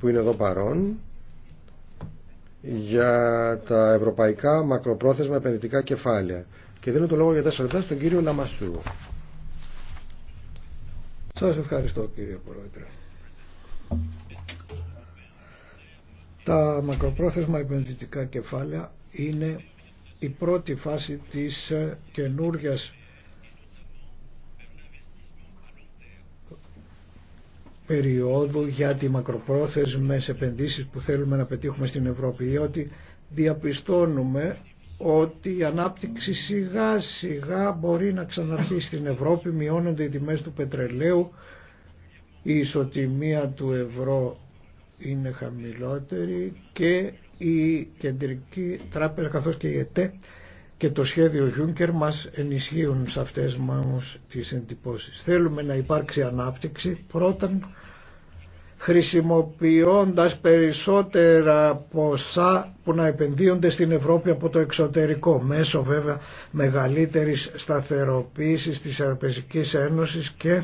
που είναι εδώ παρόν για τα ευρωπαϊκά μακροπρόθεσμα επενδυτικά κεφάλαια. Και δίνω το λόγο για τέσσερα λεπτά στον κύριο Λαμασού. Σας ευχαριστώ κύριε Πρόεδρε. Τα μακροπρόθεσμα επενδυτικά κεφάλαια είναι η πρώτη φάση της καινούργιας περίοδου για τις μακροπρόθεσμες επενδύσεις που θέλουμε να πετύχουμε στην Ευρώπη ή ότι διαπιστώνουμε ότι διότι ανάπτυξη σιγά σιγά μπορεί να ξαναρχίσει στην Ευρώπη, μειώνονται οι τιμές του πετρελαίου, η ισοτιμία του ευρώ είναι χαμηλότερη και η Κεντρική Τράπεζα καθώς και η ΕΤΕ και το σχέδιο Juncker μας ενισχύουν σε αυτές μας τις εντυπώσεις. Θέλουμε να υπάρξει ανάπτυξη πρώτα χρησιμοποιώντας περισσότερα ποσά που να επενδύονται στην Ευρώπη από το εξωτερικό μέσω βέβαια μεγαλύτερης σταθεροποίησης της Ευρωπαϊκής Ένωσης και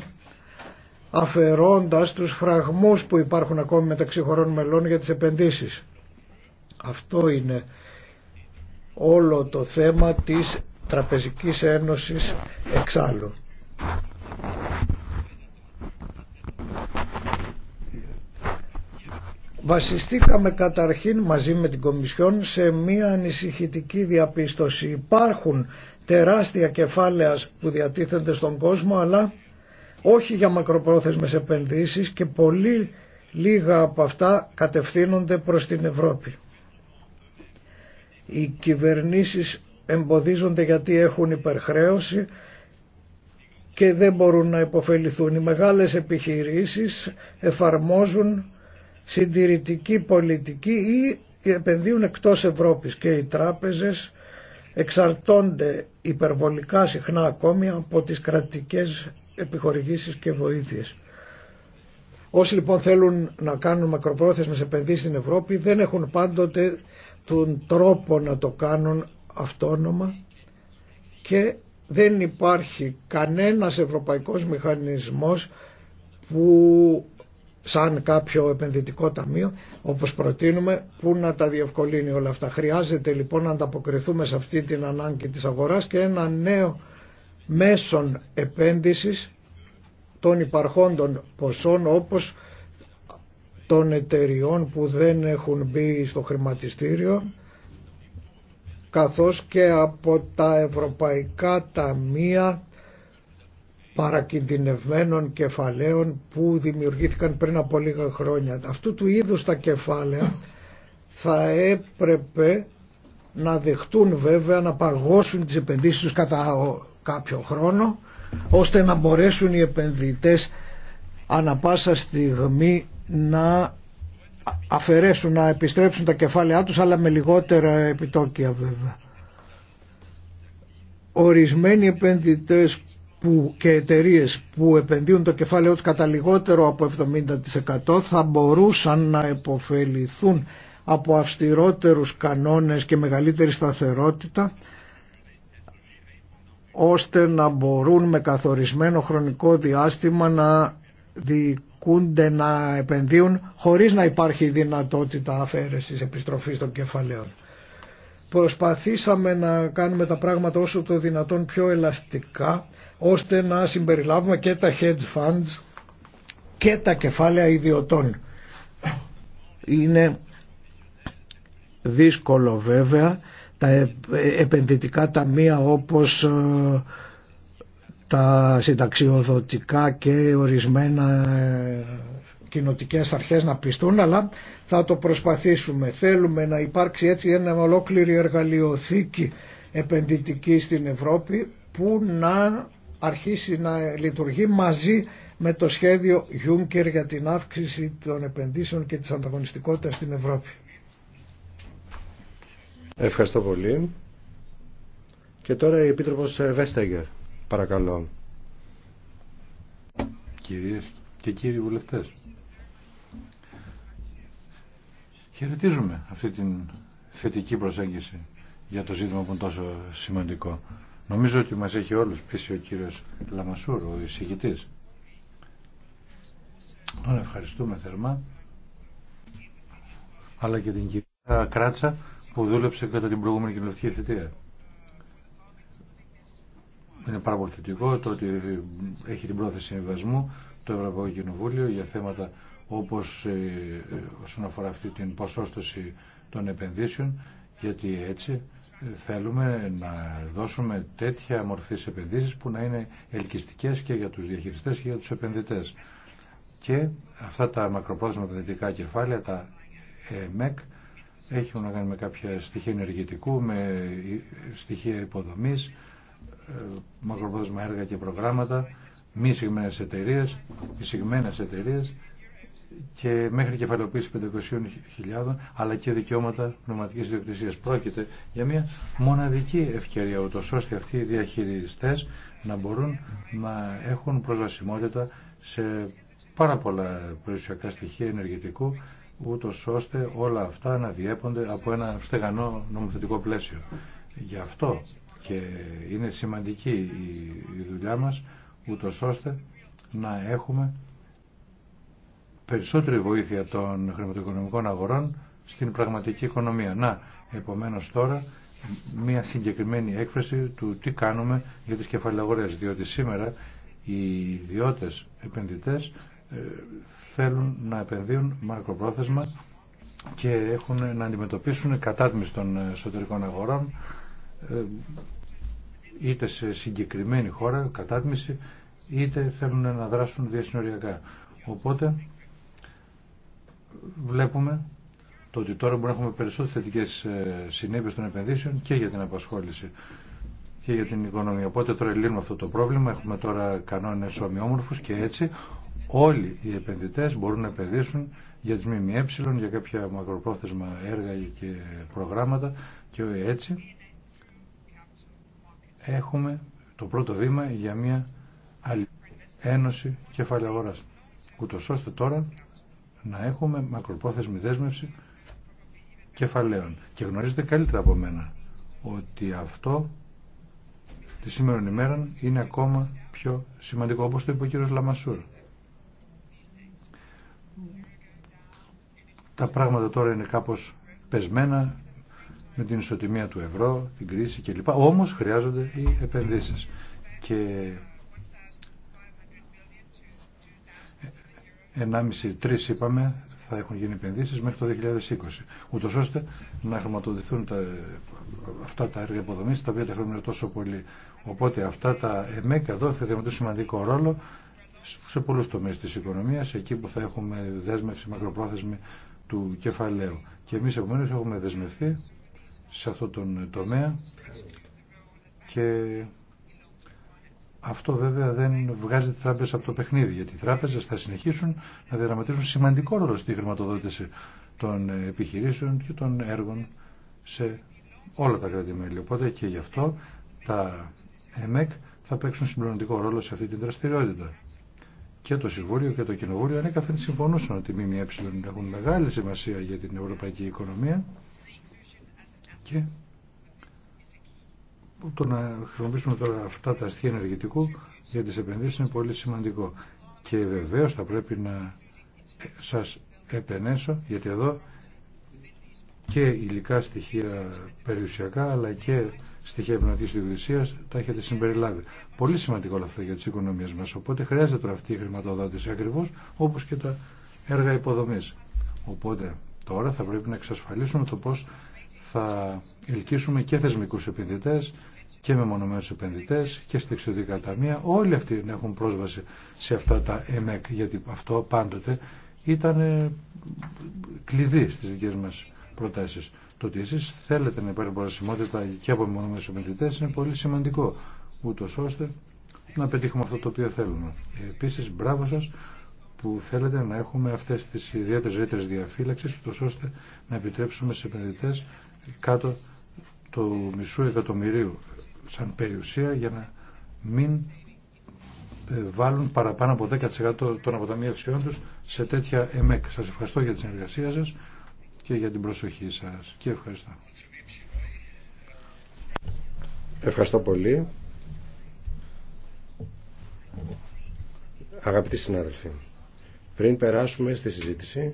αφαιρώντας τους φραγμούς που υπάρχουν ακόμη μεταξύ χωρών μελών για τις επενδύσεις. Αυτό είναι όλο το θέμα της Τραπεζικής Ένωσης εξάλλου. Βασιστήκαμε καταρχήν μαζί με την Κομισιόν σε μία ανησυχητική διαπίστωση. Υπάρχουν τεράστια κεφάλαια που διατίθενται στον κόσμο αλλά όχι για μακροπρόθεσμες επενδύσεις και πολύ λίγα από αυτά κατευθύνονται προς την Ευρώπη. Οι κυβερνήσεις εμποδίζονται γιατί έχουν υπερχρέωση και δεν μπορούν να υποφεληθούν. Οι μεγάλες επιχειρήσεις εφαρμόζουν συντηρητική πολιτική ή επενδύουν εκτός Ευρώπης και οι τράπεζες εξαρτώνται υπερβολικά συχνά ακόμη από τις κρατικές επιχορηγήσεις και βοήθειες. Όσοι λοιπόν θέλουν να κάνουν μακροπρόθεσμες επενδύσεις στην Ευρώπη δεν έχουν πάντοτε τον τρόπο να το κάνουν αυτόνομα και δεν υπάρχει κανένας ευρωπαϊκός μηχανισμός που σαν κάποιο επενδυτικό ταμείο όπως προτείνουμε που να τα διευκολύνει όλα αυτά. Χρειάζεται λοιπόν να ανταποκριθούμε σε αυτή την ανάγκη της αγοράς και ένα νέο μέσον επένδυσης των υπαρχόντων ποσών όπως των εταιριών που δεν έχουν μπει στο χρηματιστήριο καθώς και από τα ευρωπαϊκά ταμεία παρακινδυνευμένων κεφαλαίων που δημιουργήθηκαν πριν από λίγα χρόνια. Αυτού του είδους τα κεφάλαια θα έπρεπε να δεχτούν βέβαια να παγώσουν τις επενδύσεις τους κατά κάποιο χρόνο ώστε να μπορέσουν οι επενδυτές ανα πάσα στιγμή να αφαιρέσουν, να επιστρέψουν τα κεφάλαιά τους αλλά με λιγότερα επιτόκια βέβαια. Ορισμένοι επενδυτές που, και εταιρείε που επενδύουν το κεφάλαιό τους κατά λιγότερο από 70% θα μπορούσαν να υποφεληθούν από αυστηρότερους κανόνες και μεγαλύτερη σταθερότητα ώστε να μπορούν με καθορισμένο χρονικό διάστημα να διοικούν ασκούνται να επενδύουν χωρίς να υπάρχει δυνατότητα αφαίρεσης επιστροφής των κεφαλαίων. Προσπαθήσαμε να κάνουμε τα πράγματα όσο το δυνατόν πιο ελαστικά ώστε να συμπεριλάβουμε και τα hedge funds και τα κεφάλαια ιδιωτών. Είναι δύσκολο βέβαια τα επενδυτικά ταμεία όπως ε, τα συνταξιοδοτικά και ορισμένα ε, κοινοτικές αρχές να πιστούν αλλά θα το προσπαθήσουμε. Θέλουμε να υπάρξει έτσι ένα ολόκληρη εργαλειοθήκη επενδυτική στην Ευρώπη που να αρχίσει να λειτουργεί μαζί με το σχέδιο Juncker για την αύξηση των επενδύσεων και της ανταγωνιστικότητας στην Ευρώπη. Ευχαριστώ πολύ. Και τώρα η Επίτροπος Βέσταγκερ. Παρακαλώ. Κυρίες και κύριοι βουλευτές, χαιρετίζουμε αυτή την θετική προσέγγιση για το ζήτημα που είναι τόσο σημαντικό. Νομίζω ότι μας έχει όλους πείσει ο κύριος Λαμασούρ, ο εισηγητής. Τον ευχαριστούμε θερμά, αλλά και την κυρία Κράτσα που δούλεψε κατά την προηγούμενη κοινωνική θητεία. Είναι πάρα πολύ θετικό το ότι έχει την πρόθεση συμβασμού το Ευρωπαϊκό Κοινοβούλιο για θέματα όπως ε, ε, όσον αφορά αυτή την ποσόστοση των επενδύσεων γιατί έτσι ε, θέλουμε να δώσουμε τέτοια μορφή επενδύσει που να είναι ελκυστικές και για τους διαχειριστές και για τους επενδυτές. Και αυτά τα μακροπρόθεσμα επενδυτικά κεφάλαια, τα ΕΜΕΚ, έχουν να κάνουν με κάποια στοιχεία ενεργητικού, με στοιχεία υποδομής, ε, μακροπρόθεσμα έργα και προγράμματα, μη συγμένε εταιρείε, εισηγμένε εταιρείε και μέχρι κεφαλαιοποίηση 500.000 αλλά και δικαιώματα πνευματική ιδιοκτησίας. Πρόκειται για μια μοναδική ευκαιρία ούτω ώστε αυτοί οι διαχειριστές να μπορούν να έχουν προσβασιμότητα σε πάρα πολλά περιουσιακά στοιχεία ενεργητικού ούτω ώστε όλα αυτά να διέπονται από ένα στεγανό νομοθετικό πλαίσιο. Γι' αυτό και είναι σημαντική η δουλειά μας ούτως ώστε να έχουμε περισσότερη βοήθεια των χρηματοοικονομικών αγορών στην πραγματική οικονομία. Να, επομένως τώρα μια συγκεκριμένη έκφραση του τι κάνουμε για τις κεφαλαγορές, διότι σήμερα οι ιδιώτες επενδυτές ε, θέλουν να επενδύουν μακροπρόθεσμα και έχουν να αντιμετωπίσουν κατάτμιση των εσωτερικών αγορών ε, είτε σε συγκεκριμένη χώρα, κατάτμιση, είτε θέλουν να δράσουν διασυνοριακά. Οπότε βλέπουμε το ότι τώρα μπορούμε να έχουμε περισσότερες θετικές ε, συνέπειες των επενδύσεων και για την απασχόληση και για την οικονομία. Οπότε τώρα λύνουμε αυτό το πρόβλημα, έχουμε τώρα κανόνες ομοιόμορφους και έτσι όλοι οι επενδυτές μπορούν να επενδύσουν για τις ΜΜΕ, για κάποια μακροπρόθεσμα έργα και προγράμματα και έτσι έχουμε το πρώτο βήμα για μια άλλη ένωση κεφάλαια αγοράς. Ούτως ώστε τώρα να έχουμε μακροπρόθεσμη δέσμευση κεφαλαίων. Και γνωρίζετε καλύτερα από μένα ότι αυτό τη σήμερα ημέρα είναι ακόμα πιο σημαντικό, όπως το είπε ο κύριος Λαμασούρ. Τα πράγματα τώρα είναι κάπως πεσμένα, με την ισοτιμία του ευρώ, την κρίση κλπ. Όμως χρειάζονται οι επενδύσεις. Και 1,5-3 είπαμε θα έχουν γίνει επενδύσεις μέχρι το 2020. Ούτως ώστε να χρηματοδοτηθούν τα, αυτά τα έργα υποδομής τα οποία τα χρειάζονται τόσο πολύ. Οπότε αυτά τα ΕΜΕΚ εδώ θα διαμετούν σημαντικό ρόλο σε πολλούς τομείς της οικονομίας, εκεί που θα έχουμε δέσμευση μακροπρόθεσμη του κεφαλαίου. Και εμείς επομένως έχουμε δεσμευθεί σε αυτό τον τομέα και αυτό βέβαια δεν βγάζει τη τράπεζα από το παιχνίδι γιατί οι τράπεζες θα συνεχίσουν να διαδραματίζουν σημαντικό ρόλο στη χρηματοδότηση των επιχειρήσεων και των έργων σε όλα τα κράτη-μέλη. Οπότε και γι' αυτό τα ΕΜΕΚ θα παίξουν συμπληρωματικό ρόλο σε αυτή την δραστηριότητα. Και το Συμβούλιο και το Κοινοβούλιο ανέκαθεν συμφωνούσαν ότι οι ΜΜΕ έχουν μεγάλη σημασία για την ευρωπαϊκή οικονομία και το να χρησιμοποιήσουμε τώρα αυτά τα στοιχεία ενεργητικού για τις επενδύσεις είναι πολύ σημαντικό. Και βεβαίως θα πρέπει να σας επενέσω, γιατί εδώ και υλικά στοιχεία περιουσιακά, αλλά και στοιχεία πνευματικής διοκτησίας τα έχετε συμπεριλάβει. Πολύ σημαντικό όλα αυτά για τις οικονομίες μας, οπότε χρειάζεται τώρα αυτή η χρηματοδότηση ακριβώς, όπως και τα έργα υποδομής. Οπότε τώρα θα πρέπει να εξασφαλίσουμε το πώς θα ελκύσουμε και θεσμικού επενδυτέ και μεμονωμένους επενδυτέ, και στη εξωτικά ταμεία. Όλοι αυτοί να έχουν πρόσβαση σε αυτά τα ΕΜΕΚ γιατί αυτό πάντοτε ήταν ε, κλειδί στις δικές μας προτάσεις. Το ότι εσεί. θέλετε να υπάρχει προσημότητα και από μεμονωμένους επενδυτέ, είναι πολύ σημαντικό ούτως ώστε να πετύχουμε αυτό το οποίο θέλουμε. Επίσης, μπράβο σας που θέλετε να έχουμε αυτές τις ιδιαίτερες ρήτρες διαφύλαξης, ώστε να επιτρέψουμε στου επενδυτέ κάτω του μισού εκατομμυρίου σαν περιουσία για να μην ε, βάλουν παραπάνω από 10% των αποταμιεύσεών τους σε τέτοια ΕΜΕΚ. Σας ευχαριστώ για τη συνεργασία σας και για την προσοχή σας. Και ευχαριστώ. Ευχαριστώ πολύ. Αγαπητοί συνάδελφοι, πριν περάσουμε στη συζήτηση,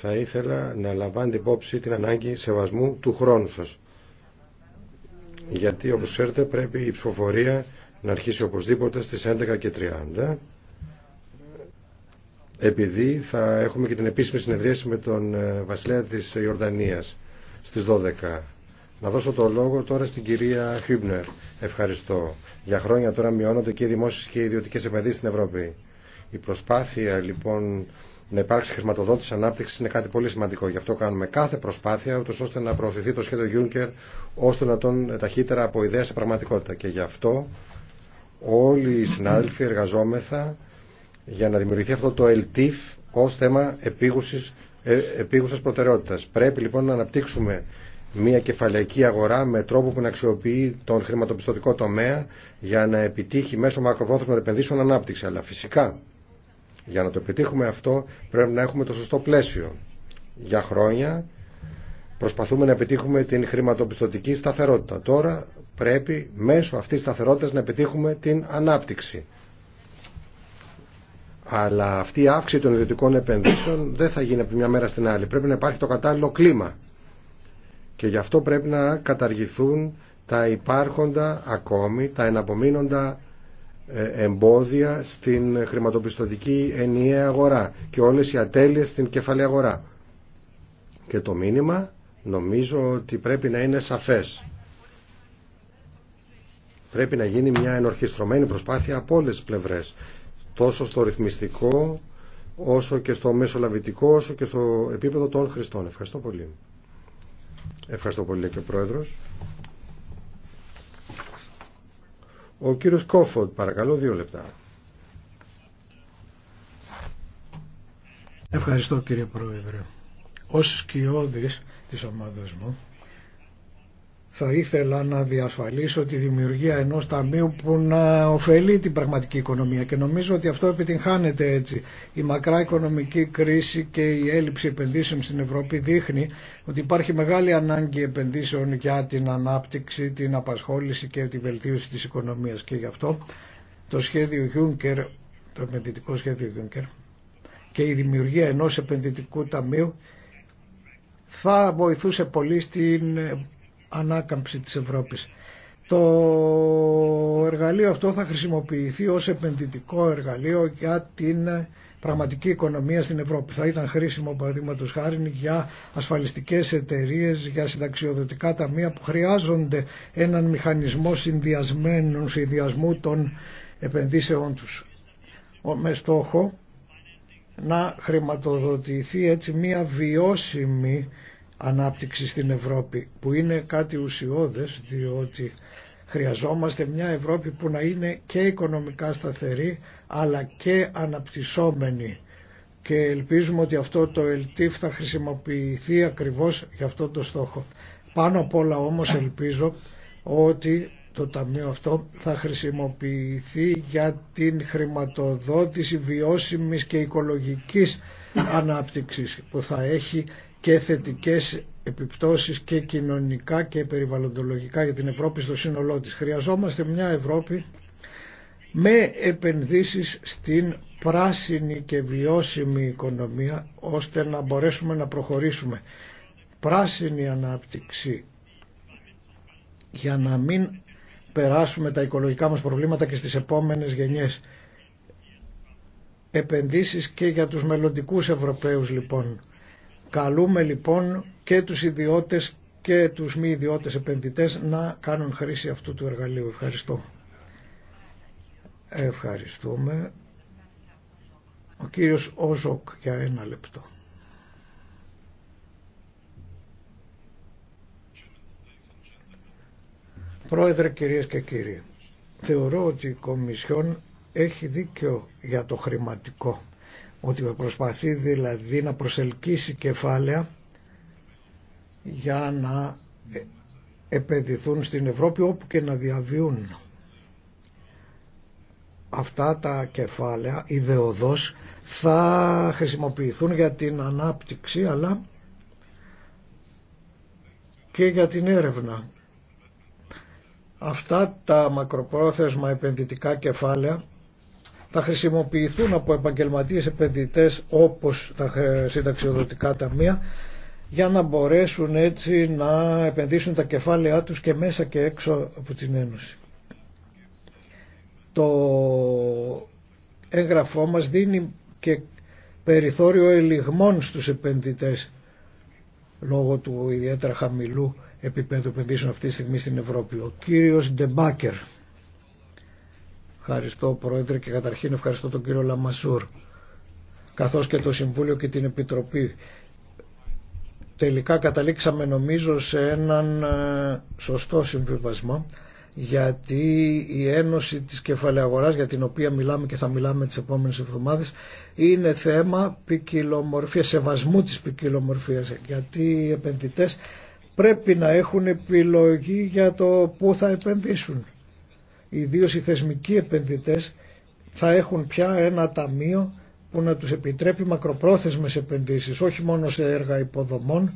θα ήθελα να λαμβάνετε υπόψη την ανάγκη σεβασμού του χρόνου σας. Γιατί όπως ξέρετε πρέπει η ψηφοφορία να αρχίσει οπωσδήποτε στις 30 επειδή θα έχουμε και την επίσημη συνεδρίαση με τον ε, βασιλέα της Ιορδανίας στις 12. Να δώσω το λόγο τώρα στην κυρία Χιμπνερ. Ευχαριστώ. Για χρόνια τώρα μειώνονται και οι δημόσιες και οι ιδιωτικές επενδύσεις στην Ευρώπη. Η προσπάθεια λοιπόν να υπάρξει χρηματοδότηση ανάπτυξη είναι κάτι πολύ σημαντικό. Γι' αυτό κάνουμε κάθε προσπάθεια, ώστε να προωθηθεί το σχέδιο Juncker ώστε να τον ταχύτερα από ιδέα σε πραγματικότητα. Και γι' αυτό όλοι οι συνάδελφοι εργαζόμεθα για να δημιουργηθεί αυτό το LTIF ω θέμα ε, επίγουσα προτεραιότητα. Πρέπει λοιπόν να αναπτύξουμε μια κεφαλαϊκή αγορά με τρόπο που να αξιοποιεί τον χρηματοπιστωτικό τομέα για να επιτύχει μέσω μακροπρόθεσμων επενδύσεων ανάπτυξη. Αλλά φυσικά για να το επιτύχουμε αυτό πρέπει να έχουμε το σωστό πλαίσιο. Για χρόνια προσπαθούμε να επιτύχουμε την χρηματοπιστωτική σταθερότητα. Τώρα πρέπει μέσω αυτής της σταθερότητας να επιτύχουμε την ανάπτυξη. Αλλά αυτή η αύξηση των ιδιωτικών επενδύσεων δεν θα γίνει από μια μέρα στην άλλη. Πρέπει να υπάρχει το κατάλληλο κλίμα. Και γι' αυτό πρέπει να καταργηθούν τα υπάρχοντα ακόμη, τα εναπομείνοντα ε, εμπόδια στην χρηματοπιστωτική ενιαία αγορά και όλες οι ατέλειες στην κεφαλή αγορά. Και το μήνυμα νομίζω ότι πρέπει να είναι σαφές. Πρέπει να γίνει μια ενορχιστρωμένη προσπάθεια από όλες τις πλευρές, τόσο στο ρυθμιστικό, όσο και στο μεσολαβητικό, όσο και στο επίπεδο των χρηστών. Ευχαριστώ πολύ. Ευχαριστώ πολύ και ο Πρόεδρος. Ο κύριος Κόφοντ, παρακαλώ, δύο λεπτά. Ευχαριστώ κύριε Πρόεδρε. Ως σκιώδης της ομάδας μου θα ήθελα να διασφαλίσω τη δημιουργία ενός ταμείου που να ωφελεί την πραγματική οικονομία και νομίζω ότι αυτό επιτυγχάνεται έτσι. Η μακρά οικονομική κρίση και η έλλειψη επενδύσεων στην Ευρώπη δείχνει ότι υπάρχει μεγάλη ανάγκη επενδύσεων για την ανάπτυξη, την απασχόληση και τη βελτίωση της οικονομίας και γι' αυτό το σχέδιο Juncker, το επενδυτικό σχέδιο Juncker και η δημιουργία ενός επενδυτικού ταμείου θα βοηθούσε πολύ στην ανάκαμψη της Ευρώπης. Το εργαλείο αυτό θα χρησιμοποιηθεί ως επενδυτικό εργαλείο για την πραγματική οικονομία στην Ευρώπη. Θα ήταν χρήσιμο παραδείγματος χάρη για ασφαλιστικές εταιρείες, για συνταξιοδοτικά ταμεία που χρειάζονται έναν μηχανισμό συνδυασμένου, συνδυασμού των επενδύσεών τους με στόχο να χρηματοδοτηθεί έτσι μια βιώσιμη ανάπτυξη στην Ευρώπη που είναι κάτι ουσιώδες διότι χρειαζόμαστε μια Ευρώπη που να είναι και οικονομικά σταθερή αλλά και αναπτυσσόμενη και ελπίζουμε ότι αυτό το ΕΛΤΙΦ θα χρησιμοποιηθεί ακριβώς για αυτό το στόχο. Πάνω απ' όλα όμως ελπίζω ότι το Ταμείο αυτό θα χρησιμοποιηθεί για την χρηματοδότηση βιώσιμης και οικολογικής ανάπτυξης που θα έχει και θετικές επιπτώσεις και κοινωνικά και περιβαλλοντολογικά για την Ευρώπη στο σύνολό της. Χρειαζόμαστε μια Ευρώπη με επενδύσεις στην πράσινη και βιώσιμη οικονομία ώστε να μπορέσουμε να προχωρήσουμε. Πράσινη ανάπτυξη για να μην περάσουμε τα οικολογικά μας προβλήματα και στις επόμενες γενιές. Επενδύσεις και για τους μελλοντικούς Ευρωπαίους λοιπόν Καλούμε λοιπόν και τους ιδιώτες και τους μη ιδιώτες επενδυτές να κάνουν χρήση αυτού του εργαλείου. Ευχαριστώ. Ευχαριστούμε. Ο κύριος Όζοκ για ένα λεπτό. Πρόεδρε κυρίες και κύριοι, θεωρώ ότι η Κομισιόν έχει δίκιο για το χρηματικό ότι προσπαθεί δηλαδή να προσελκύσει κεφάλαια για να επενδυθούν στην Ευρώπη όπου και να διαβιούν. Αυτά τα κεφάλαια, ιδεοδός, θα χρησιμοποιηθούν για την ανάπτυξη αλλά και για την έρευνα. Αυτά τα μακροπρόθεσμα επενδυτικά κεφάλαια θα χρησιμοποιηθούν από επαγγελματίες επενδυτές όπως τα συνταξιοδοτικά ταμεία για να μπορέσουν έτσι να επενδύσουν τα κεφάλαιά τους και μέσα και έξω από την Ένωση. Το έγγραφό μας δίνει και περιθώριο ελιγμών στους επενδυτές λόγω του ιδιαίτερα χαμηλού επίπεδου επενδύσεων αυτή τη στιγμή στην Ευρώπη. Ο κύριος Ντεμπάκερ. Ευχαριστώ Πρόεδρε και καταρχήν ευχαριστώ τον κύριο Λαμασούρ καθώς και το Συμβούλιο και την Επιτροπή. Τελικά καταλήξαμε νομίζω σε έναν ε, σωστό συμβιβασμό γιατί η Ένωση της Κεφαλαιαγοράς για την οποία μιλάμε και θα μιλάμε τις επόμενες εβδομάδες είναι θέμα ποικιλομορφίας, σεβασμού της ποικιλομορφίας γιατί οι επενδυτές πρέπει να έχουν επιλογή για το πού θα επενδύσουν ιδίω οι θεσμικοί επενδυτές θα έχουν πια ένα ταμείο που να τους επιτρέπει μακροπρόθεσμες επενδύσεις, όχι μόνο σε έργα υποδομών,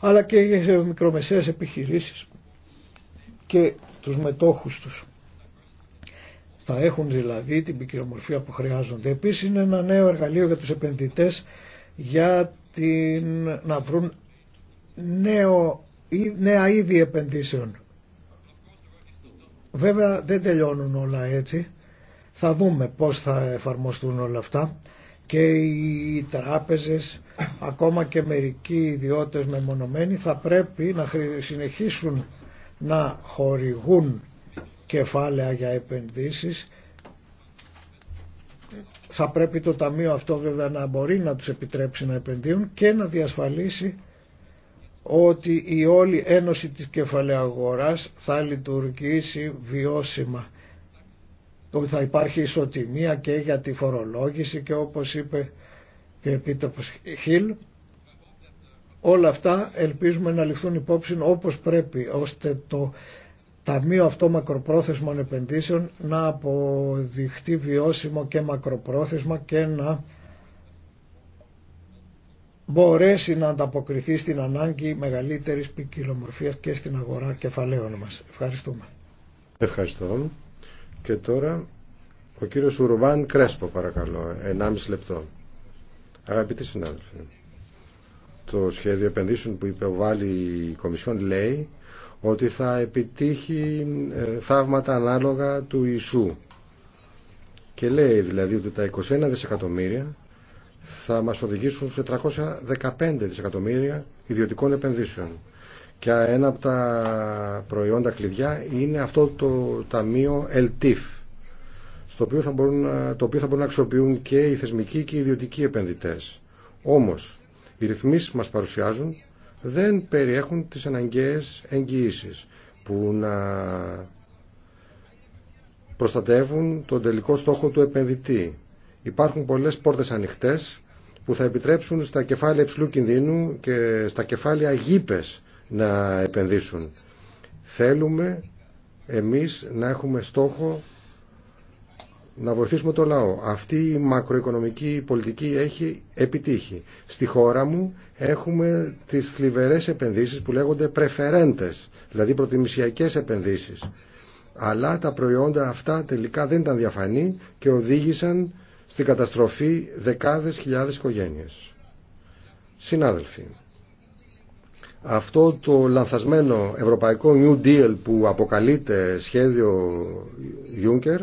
αλλά και σε μικρομεσαίες επιχειρήσεις και τους μετόχους τους. Θα έχουν δηλαδή την ποικιλομορφία που χρειάζονται. Επίσης είναι ένα νέο εργαλείο για τους επενδυτές για την, να βρουν νέο, νέα είδη επενδύσεων. Βέβαια δεν τελειώνουν όλα έτσι. Θα δούμε πώς θα εφαρμοστούν όλα αυτά και οι τράπεζες, ακόμα και μερικοί ιδιώτες μεμονωμένοι θα πρέπει να συνεχίσουν να χορηγούν κεφάλαια για επενδύσεις. Θα πρέπει το ταμείο αυτό βέβαια να μπορεί να τους επιτρέψει να επενδύουν και να διασφαλίσει ότι η όλη ένωση της κεφαλαιαγοράς θα λειτουργήσει βιώσιμα. Ότι θα υπάρχει ισοτιμία και για τη φορολόγηση και όπως είπε και ο Επίτροπος Χίλ, όλα αυτά ελπίζουμε να ληφθούν υπόψη όπως πρέπει, ώστε το Ταμείο αυτό μακροπρόθεσμων επενδύσεων να αποδειχτεί βιώσιμο και μακροπρόθεσμα και να μπορέσει να ανταποκριθεί στην ανάγκη μεγαλύτερης ποικιλομορφίας και στην αγορά κεφαλαίων μας. Ευχαριστούμε. Ευχαριστώ. Και τώρα ο κύριος Ουρβάν Κρέσπο παρακαλώ, 1,5 λεπτό. Αγαπητοί συνάδελφοι, το σχέδιο επενδύσεων που υπεβάλλει η Κομισιόν λέει ότι θα επιτύχει ε, θαύματα ανάλογα του Ιησού. Και λέει δηλαδή ότι τα 21 δισεκατομμύρια θα μας οδηγήσουν σε 315 δισεκατομμύρια ιδιωτικών επενδύσεων. Και ένα από τα προϊόντα κλειδιά είναι αυτό το ταμείο ΕΛΤΙΦ, στο οποίο θα μπορούν, το οποίο θα μπορούν να αξιοποιούν και οι θεσμικοί και οι ιδιωτικοί επενδυτές. Όμως, οι ρυθμίσεις που μας παρουσιάζουν δεν περιέχουν τις αναγκαίες εγγυήσεις που να προστατεύουν τον τελικό στόχο του επενδυτή υπάρχουν πολλές πόρτες ανοιχτές που θα επιτρέψουν στα κεφάλαια υψηλού κινδύνου και στα κεφάλαια γήπες να επενδύσουν. Θέλουμε εμείς να έχουμε στόχο να βοηθήσουμε το λαό. Αυτή η μακροοικονομική πολιτική έχει επιτύχει. Στη χώρα μου έχουμε τις θλιβερές επενδύσεις που λέγονται preferentes, δηλαδή προτιμησιακές επενδύσεις. Αλλά τα προϊόντα αυτά τελικά δεν ήταν διαφανή και οδήγησαν στην καταστροφή δεκάδες χιλιάδες οικογένειες. Συνάδελφοι, αυτό το λανθασμένο ευρωπαϊκό New Deal που αποκαλείται σχέδιο Juncker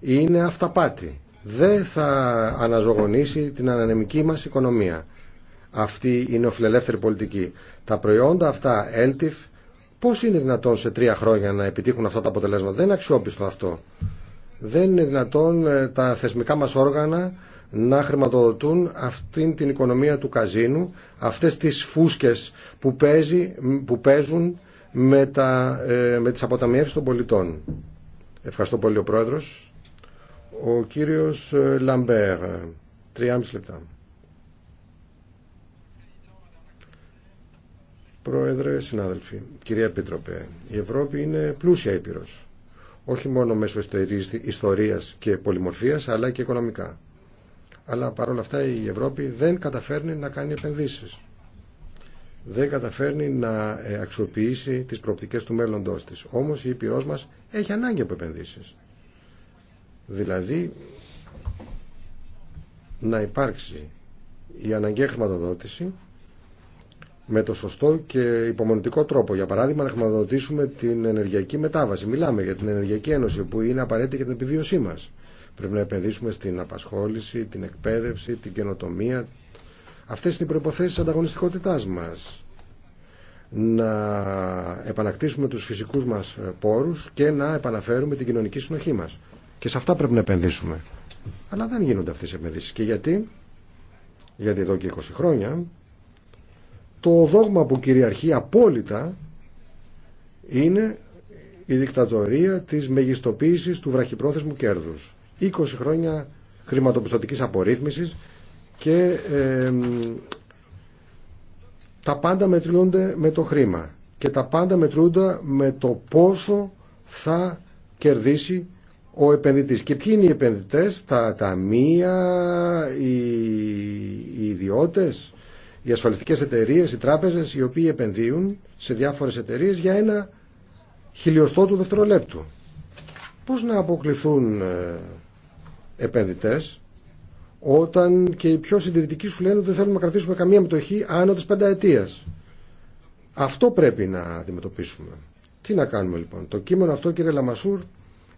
είναι αυταπάτη. Δεν θα αναζωογονήσει την ανανεμική μας οικονομία. Αυτή είναι ο φιλελεύθερη πολιτική. Τα προϊόντα αυτά, ELTIF, πώς είναι δυνατόν σε τρία χρόνια να επιτύχουν αυτά τα αποτελέσματα. Δεν είναι αξιόπιστο αυτό δεν είναι δυνατόν ε, τα θεσμικά μας όργανα να χρηματοδοτούν αυτήν την οικονομία του καζίνου, αυτές τις φούσκες που, παίζει, που παίζουν με, τα, ε, με τις αποταμιεύσεις των πολιτών. Ευχαριστώ πολύ ο Πρόεδρος. Ο κύριος Λαμπέρ, ε, 3,5 λεπτά. Πρόεδρε, συνάδελφοι, κυρία Επίτροπε, η Ευρώπη είναι πλούσια ήπειρος όχι μόνο μέσω ιστορίας και πολυμορφίας αλλά και οικονομικά. Αλλά παρόλα αυτά η Ευρώπη δεν καταφέρνει να κάνει επενδύσεις. Δεν καταφέρνει να ε, αξιοποιήσει τις προοπτικές του μέλλοντός της. Όμως η Ήπειρός μας έχει ανάγκη από επενδύσεις. Δηλαδή να υπάρξει η αναγκαία χρηματοδότηση με το σωστό και υπομονητικό τρόπο. Για παράδειγμα, να χρηματοδοτήσουμε την ενεργειακή μετάβαση. Μιλάμε για την Ενεργειακή Ένωση που είναι απαραίτητη για την επιβίωσή μα. Πρέπει να επενδύσουμε στην απασχόληση, την εκπαίδευση, την καινοτομία. Αυτέ είναι οι προποθέσει ανταγωνιστικότητά μα. Να επανακτήσουμε του φυσικού μα ε, πόρου και να επαναφέρουμε την κοινωνική συνοχή μα. Και σε αυτά πρέπει να επενδύσουμε. Αλλά δεν γίνονται αυτέ οι επενδύσει. Και γιατί? Γιατί εδώ και 20 χρόνια το δόγμα που κυριαρχεί απόλυτα είναι η δικτατορία της μεγιστοποίησης του βραχυπρόθεσμου κέρδους. 20 χρόνια χρηματοπιστωτικής απορρίθμισης και τα πάντα μετριούνται με το χρήμα και τα πάντα μετρούνται με το πόσο θα κερδίσει ο επενδυτής. Και ποιοι είναι οι επενδυτές, τα ταμεία, οι, οι ιδιώτες, οι ασφαλιστικές εταιρείες, οι τράπεζες, οι οποίοι επενδύουν σε διάφορες εταιρείες για ένα χιλιοστό του δευτερολέπτου. Πώς να αποκληθούν ε, επενδυτές όταν και οι πιο συντηρητικοί σου λένε ότι δεν θέλουμε να κρατήσουμε καμία μετοχή άνω της πενταετίας. Αυτό πρέπει να αντιμετωπίσουμε. Τι να κάνουμε λοιπόν. Το κείμενο αυτό κύριε Λαμασούρ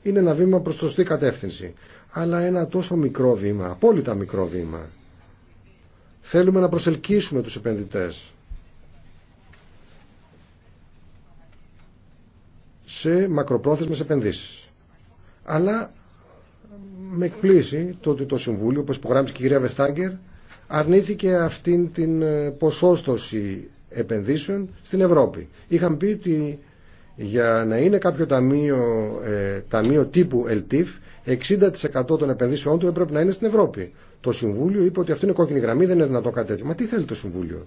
είναι ένα βήμα προς σωστή κατεύθυνση. Αλλά ένα τόσο μικρό βήμα, απόλυτα μικρό βήμα. Θέλουμε να προσελκύσουμε τους επενδυτές σε μακροπρόθεσμες επενδύσεις. Αλλά με εκπλήσει το ότι το Συμβούλιο, όπως υπογράμμισε και η κυρία Βεστάγκερ, αρνήθηκε αυτήν την ε, ποσόστοση επενδύσεων στην Ευρώπη. Είχαν πει ότι για να είναι κάποιο ταμείο, ε, ταμείο τύπου ΕΛΤΙΦ, 60% των επενδύσεών του έπρεπε να είναι στην Ευρώπη. Το Συμβούλιο είπε ότι αυτή είναι κόκκινη γραμμή, δεν είναι δυνατό κάτι τέτοιο. Μα τι θέλει το Συμβούλιο.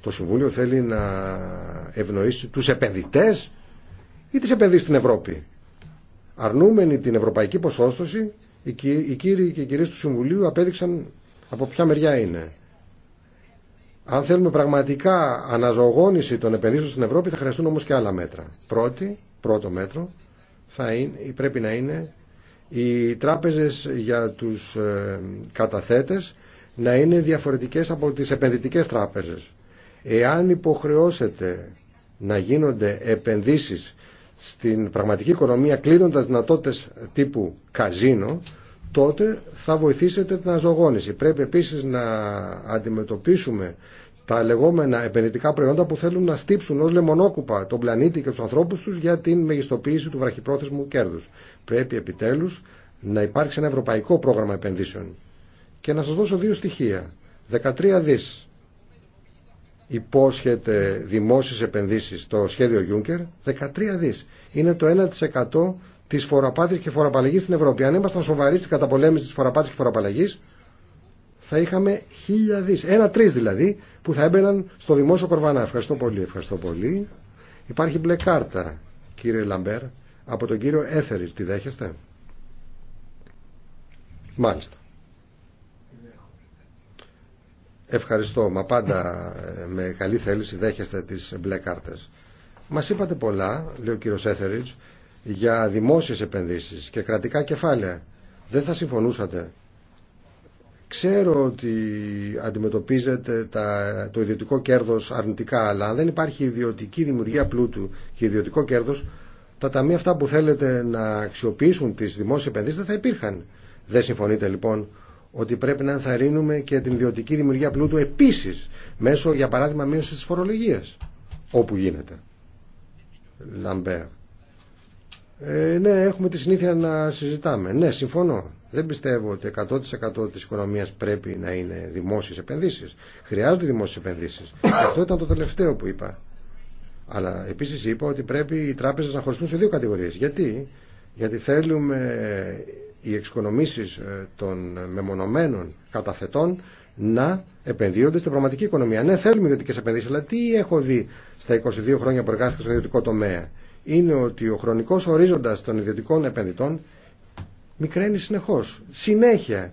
Το Συμβούλιο θέλει να ευνοήσει τους επενδυτές ή τις επενδύσεις στην Ευρώπη. Αρνούμενοι την ευρωπαϊκή ποσόστοση, οι κύριοι και οι κυρίες του Συμβουλίου απέδειξαν από ποια μεριά είναι. Αν θέλουμε πραγματικά αναζωογόνηση των επενδύσεων στην Ευρώπη θα χρειαστούν όμως και άλλα μέτρα. Πρώτη, πρώτο μέτρο θα είναι, πρέπει να είναι οι τράπεζες για τους ε, καταθέτες να είναι διαφορετικές από τις επενδυτικές τράπεζες. Εάν υποχρεώσετε να γίνονται επενδύσεις στην πραγματική οικονομία κλείνοντας δυνατότητες τύπου καζίνο, τότε θα βοηθήσετε την αζωγόνηση. Πρέπει επίσης να αντιμετωπίσουμε τα λεγόμενα επενδυτικά προϊόντα που θέλουν να στύψουν ω λεμονόκουπα τον πλανήτη και του ανθρώπου του για την μεγιστοποίηση του βραχυπρόθεσμου κέρδου. Πρέπει επιτέλου να υπάρξει ένα ευρωπαϊκό πρόγραμμα επενδύσεων. Και να σα δώσω δύο στοιχεία. 13 δι υπόσχεται δημόσιες επενδύσεις το σχέδιο Juncker 13 δις. Είναι το 1% της φοραπάτης και φοραπαλλαγής στην Ευρώπη. Αν ήμασταν σοβαροί στην καταπολέμηση της φοραπάτης και φοραπαλλαγής θα είχαμε χίλια δις, ένα τρεις δηλαδή, που θα έμπαιναν στο δημόσιο κορβανά. Ευχαριστώ πολύ, ευχαριστώ πολύ. Υπάρχει μπλε κάρτα, κύριε Λαμπέρ, από τον κύριο Έθερη. Τη δέχεστε? Μάλιστα. Ευχαριστώ, μα πάντα ε, με καλή θέληση δέχεστε τις μπλε κάρτες. Μας είπατε πολλά, λέει ο κύριος Έθεριτς, για δημόσιες επενδύσεις και κρατικά κεφάλαια. Δεν θα συμφωνούσατε Ξέρω ότι αντιμετωπίζετε τα, το ιδιωτικό κέρδος αρνητικά, αλλά αν δεν υπάρχει ιδιωτική δημιουργία πλούτου και ιδιωτικό κέρδος, τα ταμεία αυτά που θέλετε να αξιοποιήσουν τις δημόσιες επενδύσεις δεν θα υπήρχαν. Δεν συμφωνείτε λοιπόν ότι πρέπει να ενθαρρύνουμε και την ιδιωτική δημιουργία πλούτου επίσης μέσω για παράδειγμα μείωση της φορολογίας όπου γίνεται. Λαμπέα. Ε, ναι, έχουμε τη συνήθεια να συζητάμε. Ναι, συμφωνώ. Δεν πιστεύω ότι 100% της οικονομίας πρέπει να είναι δημόσιες επενδύσεις. Χρειάζονται δημόσιες επενδύσεις. αυτό ήταν το τελευταίο που είπα. Αλλά επίσης είπα ότι πρέπει οι τράπεζες να χωριστούν σε δύο κατηγορίες. Γιατί, Γιατί θέλουμε οι εξοικονομήσεις ε, των μεμονωμένων καταθετών να επενδύονται στην πραγματική οικονομία. Ναι, θέλουμε ιδιωτικέ επενδύσει, αλλά τι έχω δει στα 22 χρόνια που εργάστηκα στον ιδιωτικό τομέα. Είναι ότι ο χρονικό ορίζοντα των ιδιωτικών επενδυτών Μικραίνει συνεχώς. Συνέχεια.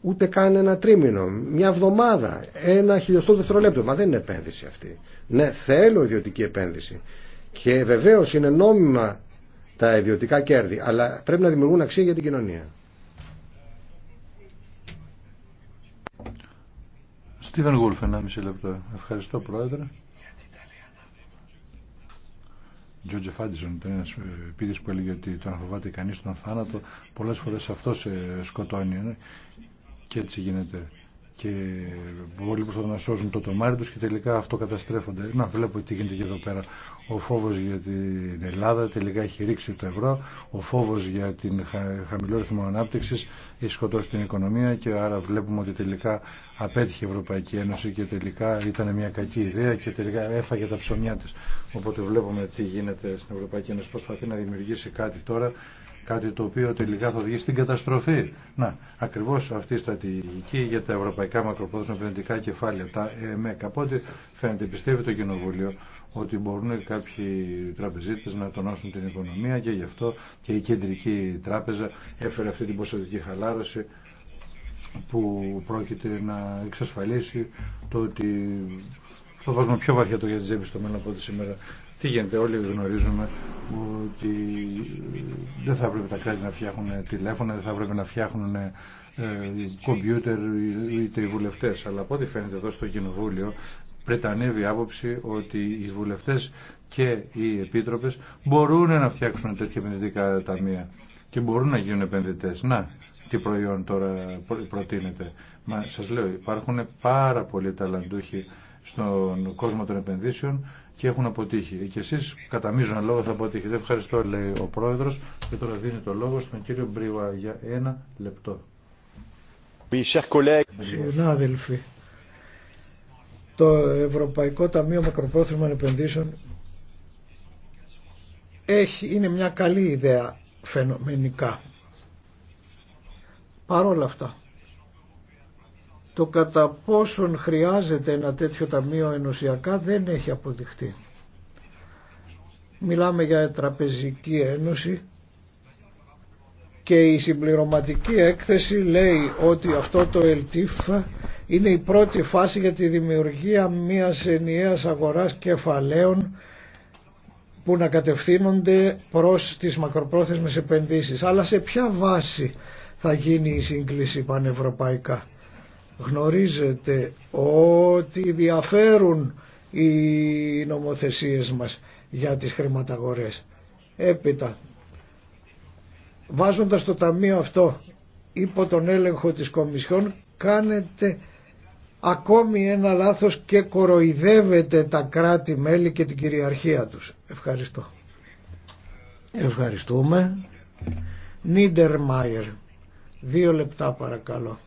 Ούτε καν ένα τρίμηνο, μια εβδομάδα, ένα χιλιοστό δευτερολέπτο. Μα δεν είναι επένδυση αυτή. Ναι, θέλω ιδιωτική επένδυση. Και βεβαίω είναι νόμιμα τα ιδιωτικά κέρδη, αλλά πρέπει να δημιουργούν αξία για την κοινωνία. Στίβεν Γούλφ, 1,5 λεπτό. Ευχαριστώ, Πρόεδρε. Τζότζε Φάντισον, ήταν ένα πύρη που έλεγε ότι τον φοβάται κανεί τον θάνατο, πολλέ φορέ αυτό ε, σκοτώνει. Ε, και έτσι γίνεται. Και πολλοί προσπαθούν να σώσουν το τομάρι του και τελικά αυτό καταστρέφονται. Να βλέπω τι γίνεται και εδώ πέρα ο φόβος για την Ελλάδα τελικά έχει ρίξει το ευρώ, ο φόβος για την χαμηλό ρυθμό ανάπτυξης έχει σκοτώσει την οικονομία και άρα βλέπουμε ότι τελικά απέτυχε η Ευρωπαϊκή Ένωση και τελικά ήταν μια κακή ιδέα και τελικά έφαγε τα ψωμιά της. Οπότε βλέπουμε τι γίνεται στην Ευρωπαϊκή Ένωση, προσπαθεί να δημιουργήσει κάτι τώρα κάτι το οποίο τελικά θα οδηγήσει στην καταστροφή. Να, ακριβώ αυτή η στρατηγική για τα ευρωπαϊκά μακροπρόθεσμα επενδυτικά κεφάλαια, τα ΕΜΕΚ. φαίνεται, πιστεύει το Κοινοβούλιο ότι μπορούν κάποιοι τραπεζίτες να τονώσουν την οικονομία και γι' αυτό και η Κεντρική Τράπεζα έφερε αυτή την ποσοτική χαλάρωση που πρόκειται να εξασφαλίσει το ότι θα βάζουμε πιο βαθιά το για τη στο μέλλον από ό,τι σήμερα. Τι γίνεται, όλοι γνωρίζουμε ότι δεν θα έπρεπε τα κράτη να φτιάχνουν τηλέφωνα, δεν θα έπρεπε να φτιάχνουν ε, κομπιούτερ ή οι Αλλά από ό,τι φαίνεται εδώ στο Κοινοβούλιο πρετανεύει άποψη ότι οι βουλευτές και οι επίτροπες μπορούν να φτιάξουν τέτοια επενδυτικά ταμεία και μπορούν να γίνουν επενδυτές. Να, τι προϊόν τώρα προτείνεται. Μα σας λέω, υπάρχουν πάρα πολλοί ταλαντούχοι στον κόσμο των επενδύσεων και έχουν αποτύχει. Και εσεί, κατά μείζον λόγο θα αποτύχετε. Ευχαριστώ, λέει ο πρόεδρο Και τώρα δίνει το λόγο στον κύριο Μπρίουα για ένα λεπτό. Συνάδελφοι, το Ευρωπαϊκό Ταμείο Μακροπρόθεσμων Επενδύσεων έχει, είναι μια καλή ιδέα φαινομενικά. Παρόλα αυτά, το κατά πόσον χρειάζεται ένα τέτοιο ταμείο ενωσιακά δεν έχει αποδειχτεί. Μιλάμε για τραπεζική ένωση και η συμπληρωματική έκθεση λέει ότι αυτό το ΕΛΤΙΦ είναι η πρώτη φάση για τη δημιουργία μιας ενιαίας αγοράς κεφαλαίων που να κατευθύνονται προς τις μακροπρόθεσμες επενδύσεις. Αλλά σε ποια βάση θα γίνει η σύγκληση πανευρωπαϊκά. Γνωρίζετε ότι διαφέρουν οι νομοθεσίες μας για τις χρηματαγορές. Έπειτα, βάζοντας το ταμείο αυτό υπό τον έλεγχο της Κομισιόν, κάνετε ακόμη ένα λάθος και κοροϊδεύεται τα κράτη-μέλη και την κυριαρχία τους. Ευχαριστώ. Ευχαριστούμε. Νίτερ Μάιερ. Δύο λεπτά παρακαλώ.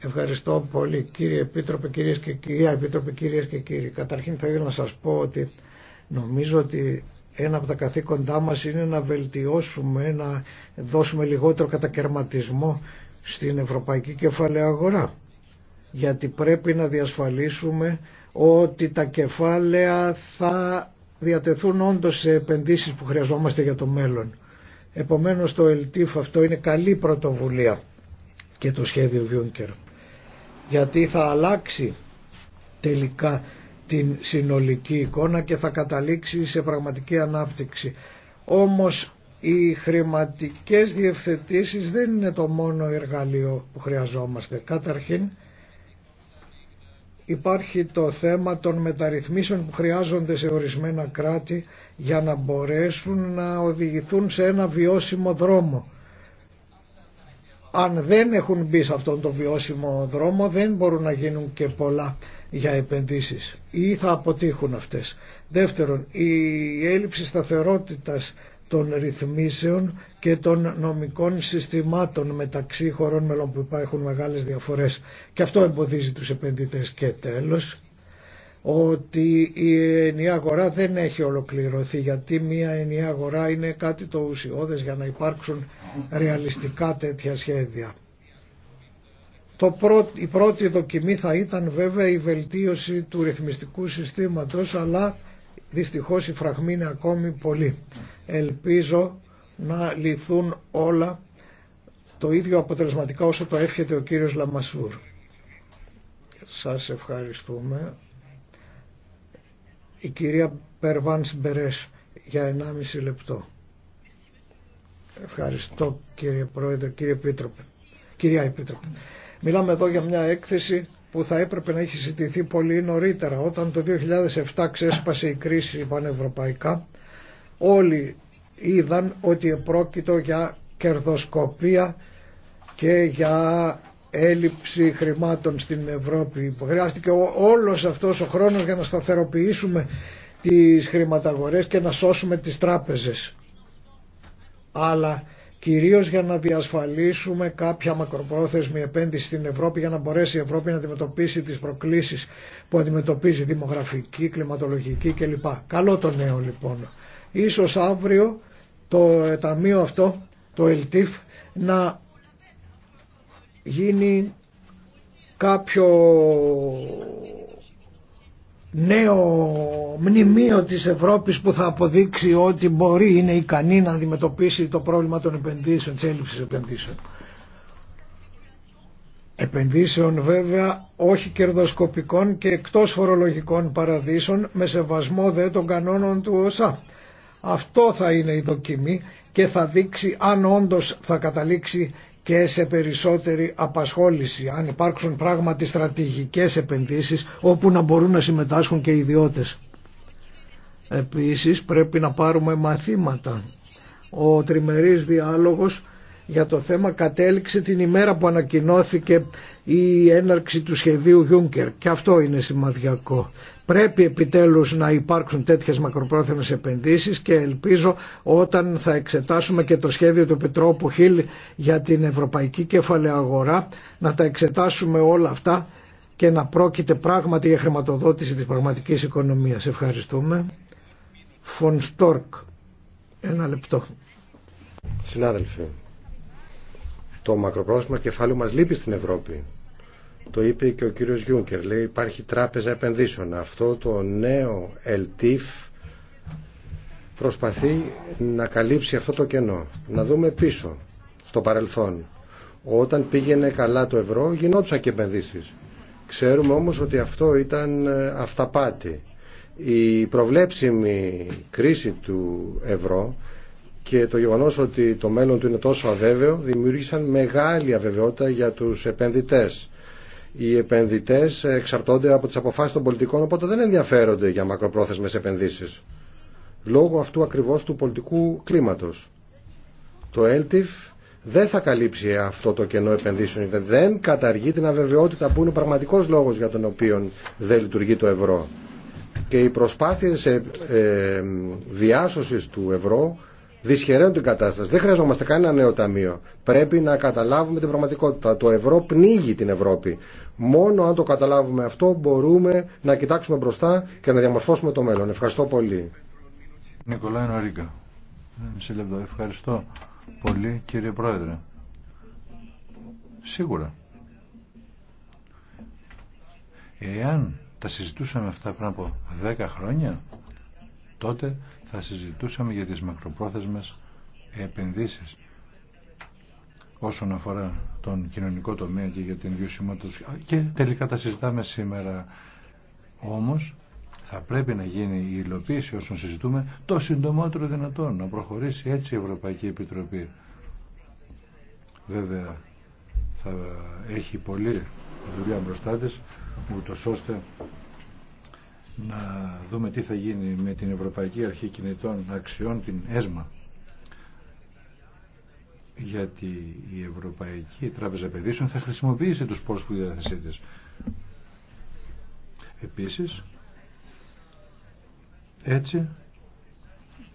Ευχαριστώ πολύ κύριε Επίτροπε, κυρίες και κυρία Επίτροπε, κυρίες και κύριοι. Καταρχήν θα ήθελα να σας πω ότι νομίζω ότι ένα από τα καθήκοντά μας είναι να βελτιώσουμε, να δώσουμε λιγότερο κατακαιρματισμό στην ευρωπαϊκή κεφαλαία αγορά γιατί πρέπει να διασφαλίσουμε ότι τα κεφάλαια θα διατεθούν όντως σε επενδύσεις που χρειαζόμαστε για το μέλλον. Επομένως το ΕΛΤΙΦ αυτό είναι καλή πρωτοβουλία και το σχέδιο Βιούνκερ γιατί θα αλλάξει τελικά την συνολική εικόνα και θα καταλήξει σε πραγματική ανάπτυξη. Όμως οι χρηματικές διευθετήσεις δεν είναι το μόνο εργαλείο που χρειαζόμαστε. Καταρχήν Υπάρχει το θέμα των μεταρρυθμίσεων που χρειάζονται σε ορισμένα κράτη για να μπορέσουν να οδηγηθούν σε ένα βιώσιμο δρόμο. Αν δεν έχουν μπει σε αυτόν τον βιώσιμο δρόμο δεν μπορούν να γίνουν και πολλά για επενδύσεις ή θα αποτύχουν αυτές. Δεύτερον, η έλλειψη σταθερότητας των ρυθμίσεων και των νομικών συστημάτων μεταξύ χωρών μελών που υπάρχουν μεγάλες διαφορές. Και αυτό εμποδίζει τους επενδυτές και τέλος ότι η ενιαία αγορά δεν έχει ολοκληρωθεί γιατί μια ενιαία αγορά είναι κάτι το ουσιώδες για να υπάρξουν ρεαλιστικά τέτοια σχέδια. Το η πρώτη δοκιμή θα ήταν βέβαια η βελτίωση του ρυθμιστικού συστήματος αλλά Δυστυχώς η φραγμή είναι ακόμη πολύ. Ελπίζω να λυθούν όλα το ίδιο αποτελεσματικά όσο το εύχεται ο κύριος Λαμασούρ. Σας ευχαριστούμε. Η κυρία Περβάν Μπερές για 1,5 λεπτό. Ευχαριστώ κύριε Πρόεδρε, κύριε Επίτροπε. Κυρία Επίτροπε. Μιλάμε εδώ για μια έκθεση που θα έπρεπε να έχει συζητηθεί πολύ νωρίτερα. Όταν το 2007 ξέσπασε η κρίση πανευρωπαϊκά, όλοι είδαν ότι επρόκειτο για κερδοσκοπία και για έλλειψη χρημάτων στην Ευρώπη. Χρειάστηκε όλος αυτός ο χρόνος για να σταθεροποιήσουμε τις χρηματαγορές και να σώσουμε τις τράπεζες. Αλλά κυρίως για να διασφαλίσουμε κάποια μακροπρόθεσμη επένδυση στην Ευρώπη για να μπορέσει η Ευρώπη να αντιμετωπίσει τις προκλήσεις που αντιμετωπίζει δημογραφική, κλιματολογική κλπ. Καλό το νέο λοιπόν. Ίσως αύριο το ε, ταμείο αυτό, το ΕΛΤΙΦ, να γίνει κάποιο νέο μνημείο της Ευρώπης που θα αποδείξει ότι μπορεί, είναι ικανή να αντιμετωπίσει το πρόβλημα των επενδύσεων, της έλλειψης επενδύσεων. Επενδύσεων βέβαια όχι κερδοσκοπικών και εκτός φορολογικών παραδείσων με σεβασμό δε των κανόνων του ΩΣΑ. Αυτό θα είναι η δοκιμή και θα δείξει αν όντως θα καταλήξει και σε περισσότερη απασχόληση, αν υπάρξουν πράγματι στρατηγικές επενδύσεις όπου να μπορούν να συμμετάσχουν και οι ιδιώτες. Επίσης πρέπει να πάρουμε μαθήματα. Ο τριμερής διάλογος για το θέμα κατέληξε την ημέρα που ανακοινώθηκε η έναρξη του σχεδίου Juncker και αυτό είναι σημαδιακό. Πρέπει επιτέλους να υπάρξουν τέτοιες μακροπρόθεσμες επενδύσεις και ελπίζω όταν θα εξετάσουμε και το σχέδιο του Επιτρόπου Χίλ για την Ευρωπαϊκή Κεφαλαία Αγορά να τα εξετάσουμε όλα αυτά και να πρόκειται πράγματι για χρηματοδότηση της πραγματικής οικονομίας. Ευχαριστούμε. Φων Στόρκ. Ένα λεπτό. Συνάδελφοι, το μακροπρόθεσμο κεφάλαιο μας λείπει στην Ευρώπη. Το είπε και ο κύριος Γιούνκερ. Λέει υπάρχει τράπεζα επενδύσεων. Αυτό το νέο ΕΛΤΙΦ προσπαθεί να καλύψει αυτό το κενό. Να δούμε πίσω στο παρελθόν. Όταν πήγαινε καλά το ευρώ γινόντουσαν και επενδύσεις. Ξέρουμε όμως ότι αυτό ήταν ε, αυταπάτη. Η προβλέψιμη κρίση του ευρώ και το γεγονός ότι το μέλλον του είναι τόσο αβέβαιο δημιούργησαν μεγάλη αβεβαιότητα για τους επενδυτές οι επενδυτέ εξαρτώνται από τις αποφάσεις των πολιτικών οπότε δεν ενδιαφέρονται για μακροπρόθεσμες επενδύσεις λόγω αυτού ακριβώς του πολιτικού κλίματος. Το ΕΛΤΙΦ δεν θα καλύψει αυτό το κενό επενδύσεων δεν καταργεί την αβεβαιότητα που είναι ο πραγματικό λόγος για τον οποίο δεν λειτουργεί το ευρώ και οι προσπάθειες ε, ε, διάσωση του ευρώ δυσχεραίνουν την κατάσταση. Δεν χρειαζόμαστε κανένα νέο ταμείο. Πρέπει να καταλάβουμε την πραγματικότητα. Το ευρώ πνίγει την Ευρώπη. Μόνο αν το καταλάβουμε αυτό μπορούμε να κοιτάξουμε μπροστά και να διαμορφώσουμε το μέλλον. Ευχαριστώ πολύ. Νικολάη Νορίγκα. Μισή Ευχαριστώ πολύ κύριε Πρόεδρε. Σίγουρα. Εάν τα συζητούσαμε αυτά πριν από 10 χρόνια, τότε θα συζητούσαμε για τις μακροπρόθεσμες επενδύσεις όσον αφορά τον κοινωνικό τομέα και για την βιωσιμότητα και τελικά τα συζητάμε σήμερα όμως θα πρέπει να γίνει η υλοποίηση όσων συζητούμε το συντομότερο δυνατόν να προχωρήσει έτσι η Ευρωπαϊκή Επιτροπή βέβαια θα έχει πολύ δουλειά μπροστά της ούτως ώστε να δούμε τι θα γίνει με την Ευρωπαϊκή Αρχή Κινητών Αξιών, την ΕΣΜΑ. Γιατί η Ευρωπαϊκή Τράπεζα Επενδύσεων θα χρησιμοποιήσει τους πόρους που διαθεσεί της. Επίσης, έτσι,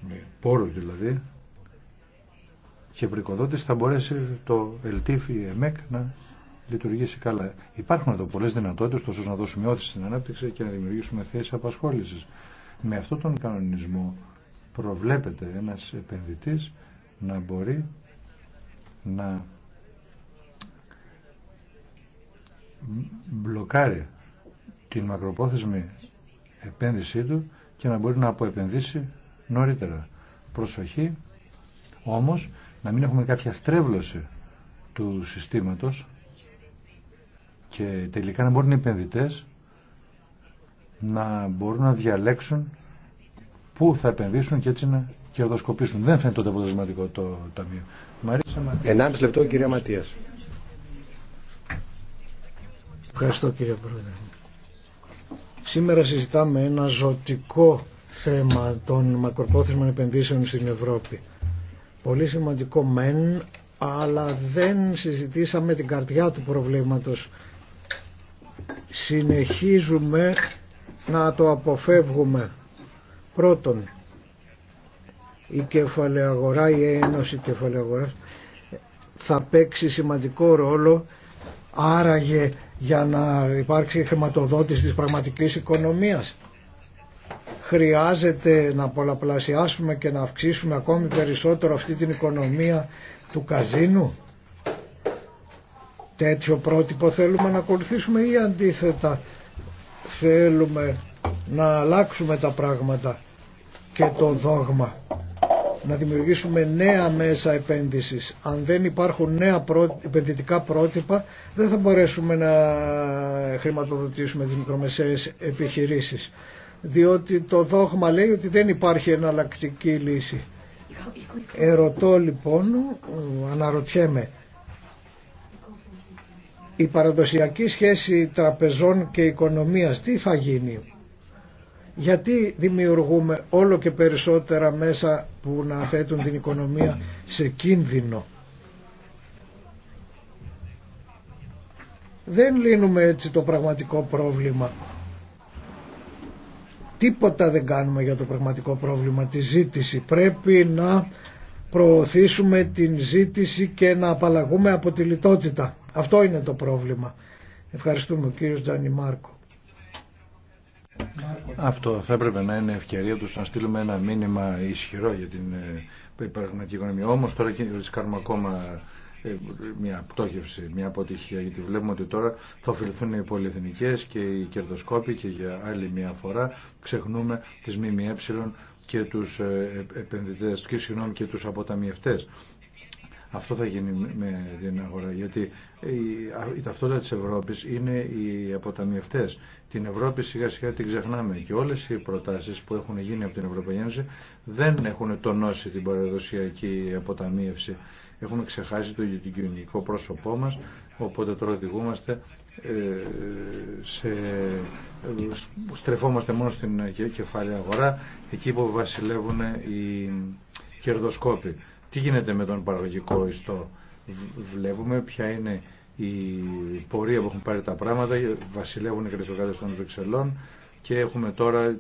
με πόρους δηλαδή, και βρικοδότης θα μπορέσει το ΕΛΤΙΦ, να λειτουργήσει καλά. Υπάρχουν εδώ πολλέ δυνατότητε τόσο να δώσουμε όθηση στην ανάπτυξη και να δημιουργήσουμε θέσει απασχόληση. Με αυτόν τον κανονισμό προβλέπεται ένα επενδυτή να μπορεί να μπλοκάρει την μακροπρόθεσμη επένδυσή του και να μπορεί να αποεπενδύσει νωρίτερα. Προσοχή όμως να μην έχουμε κάποια στρέβλωση του συστήματος και τελικά να μπορούν οι επενδυτές να μπορούν να διαλέξουν πού θα επενδύσουν και έτσι να κερδοσκοπήσουν. Δεν φαίνεται το αποτελεσματικό το ταμείο. Ενάμιση λεπτό κυρία Ματίας. Ευχαριστώ κύριε Πρόεδρε. Σήμερα συζητάμε ένα ζωτικό θέμα των μακροπρόθεσμων επενδύσεων στην Ευρώπη. Πολύ σημαντικό μεν, αλλά δεν συζητήσαμε την καρδιά του προβλήματος συνεχίζουμε να το αποφεύγουμε. Πρώτον, η κεφαλαιαγορά, η ένωση κεφαλαιαγοράς θα παίξει σημαντικό ρόλο άραγε για να υπάρξει χρηματοδότηση της πραγματικής οικονομίας. Χρειάζεται να πολλαπλασιάσουμε και να αυξήσουμε ακόμη περισσότερο αυτή την οικονομία του καζίνου τέτοιο πρότυπο θέλουμε να ακολουθήσουμε ή αντίθετα θέλουμε να αλλάξουμε τα πράγματα και το δόγμα να δημιουργήσουμε νέα μέσα επένδυσης. Αν δεν υπάρχουν νέα επενδυτικά πρότυπα δεν θα μπορέσουμε να χρηματοδοτήσουμε τις μικρομεσαίες επιχειρήσεις. Διότι το δόγμα λέει ότι δεν υπάρχει εναλλακτική λύση. Ερωτώ λοιπόν, αναρωτιέμαι, η παραδοσιακή σχέση τραπεζών και οικονομίας τι θα γίνει. Γιατί δημιουργούμε όλο και περισσότερα μέσα που να θέτουν την οικονομία σε κίνδυνο. Δεν λύνουμε έτσι το πραγματικό πρόβλημα. Τίποτα δεν κάνουμε για το πραγματικό πρόβλημα, τη ζήτηση. Πρέπει να προωθήσουμε την ζήτηση και να απαλλαγούμε από τη λιτότητα. Αυτό είναι το πρόβλημα. Ευχαριστούμε ο κύριος Τζάνι Μάρκο. Αυτό θα έπρεπε να είναι ευκαιρία του να στείλουμε ένα μήνυμα ισχυρό για την ε, πραγματική οικονομία. Όμως τώρα ρισκάρουμε ακόμα ε, μια πτώχευση, μια αποτυχία, γιατί βλέπουμε ότι τώρα θα ωφεληθούν οι πολυεθνικές και οι κερδοσκόποι και για άλλη μια φορά ξεχνούμε τις ΜΜΕ και τους ε, επενδυτές και, συγγνώμη, και τους αποταμιευτές αυτό θα γίνει με την αγορά, γιατί η ταυτότητα της Ευρώπης είναι οι αποταμιευτές. Την Ευρώπη σιγά σιγά την ξεχνάμε και όλες οι προτάσεις που έχουν γίνει από την Ευρωπαϊκή Ένωση δεν έχουν τονώσει την παραδοσιακή αποταμίευση. Έχουμε ξεχάσει το κοινωνικό πρόσωπό μας, οπότε τώρα οδηγούμαστε ε, σε, στρεφόμαστε μόνο στην κεφάλαια αγορά, εκεί που βασιλεύουν οι κερδοσκόποι. Τι γίνεται με τον παραγωγικό ιστό. Βλέπουμε ποια είναι η πορεία που έχουν πάρει τα πράγματα. Βασιλεύουν οι κρυπτοκάρτε των Βρυξελών και έχουμε τώρα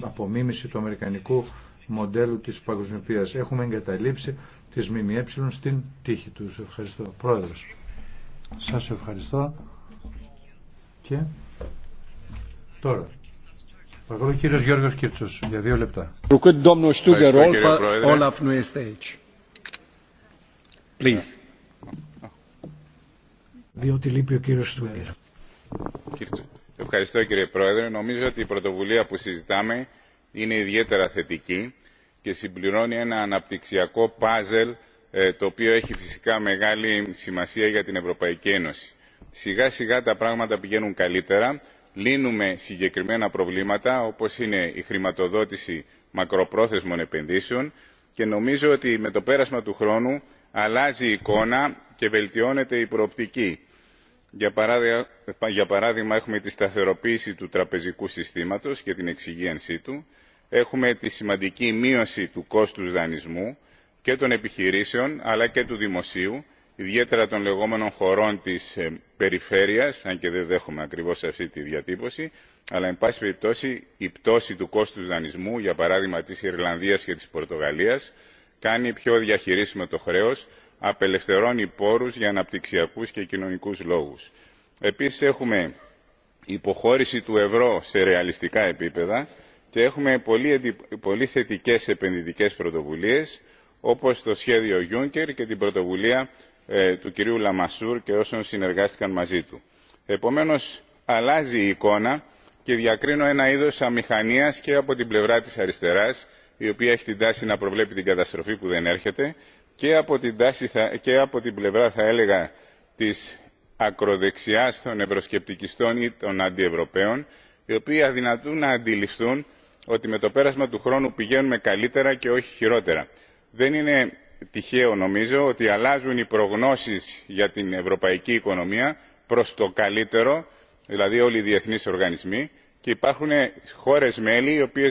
απομίμηση του αμερικανικού μοντέλου της παγκοσμιοποίησης. Έχουμε εγκαταλείψει τις ΜΜΕ στην τύχη τους. Ευχαριστώ. Πρόεδρος. Σας ευχαριστώ. Και τώρα. ο κύριος Γιώργος Κίρτσος για δύο λεπτά. Ευχαριστώ κύριε Πρόεδρε. Ευχαριστώ κύριε Πρόεδρε. Νομίζω ότι η πρωτοβουλία που συζητάμε είναι ιδιαίτερα θετική και συμπληρώνει ένα αναπτυξιακό πάζελ ε, το οποίο έχει φυσικά μεγάλη σημασία για την Ευρωπαϊκή Ένωση. Σιγά σιγά τα πράγματα πηγαίνουν καλύτερα, λύνουμε συγκεκριμένα προβλήματα όπως είναι η χρηματοδότηση μακροπρόθεσμων επενδύσεων και νομίζω ότι με το πέρασμα του χρόνου αλλάζει η εικόνα και βελτιώνεται η προοπτική. για παράδειγμα έχουμε τη σταθεροποίηση του τραπεζικού συστήματος και την εξυγίανσή του έχουμε τη σημαντική μείωση του κόστους δανεισμού και των επιχειρήσεων αλλά και του δημοσίου ιδιαίτερα των λεγόμενων χωρών της ε, περιφέρειας αν και δεν δέχομαι ακριβώς αυτή τη διατύπωση αλλά εν πάση περιπτώσει η πτώση του κόστους δανεισμού για παράδειγμα της ιρλανδίας και της πορτογαλίας κάνει πιο διαχειρίσιμο το χρέος απελευθερώνει πόρους για αναπτυξιακούς και κοινωνικούς λόγους. επίσης έχουμε υποχώρηση του ευρώ σε ρεαλιστικά επίπεδα και έχουμε πολύ, θετικέ επενδυτικέ επενδυτικές όπω όπως το σχέδιο juncker και την πρωτοβουλία ε, του κυρίου λαμασούρ και όσων συνεργάστηκαν μαζί του. Επομένω αλλάζει η εικόνα και διακρίνω ένα είδο αμηχανία και από την πλευρά τη αριστερά η οποία έχει την τάση να προβλέπει την καταστροφή που δεν έρχεται και από την, τάση, και από την πλευρά θα έλεγα της ακροδεξιάς των ευρωσκεπτικιστών ή των αντιευρωπαίων οι οποίοι αδυνατούν να αντιληφθούν ότι με το πέρασμα του χρόνου πηγαίνουμε καλύτερα και όχι χειρότερα. δεν είναι τυχαίο νομίζω ότι αλλάζουν οι προγνώσεις για την ευρωπαϊκή οικονομία προς το καλύτερο δηλαδή όλοι οι διεθνείς οργανισμοί και υπάρχουν χώρε μέλη οι οποίε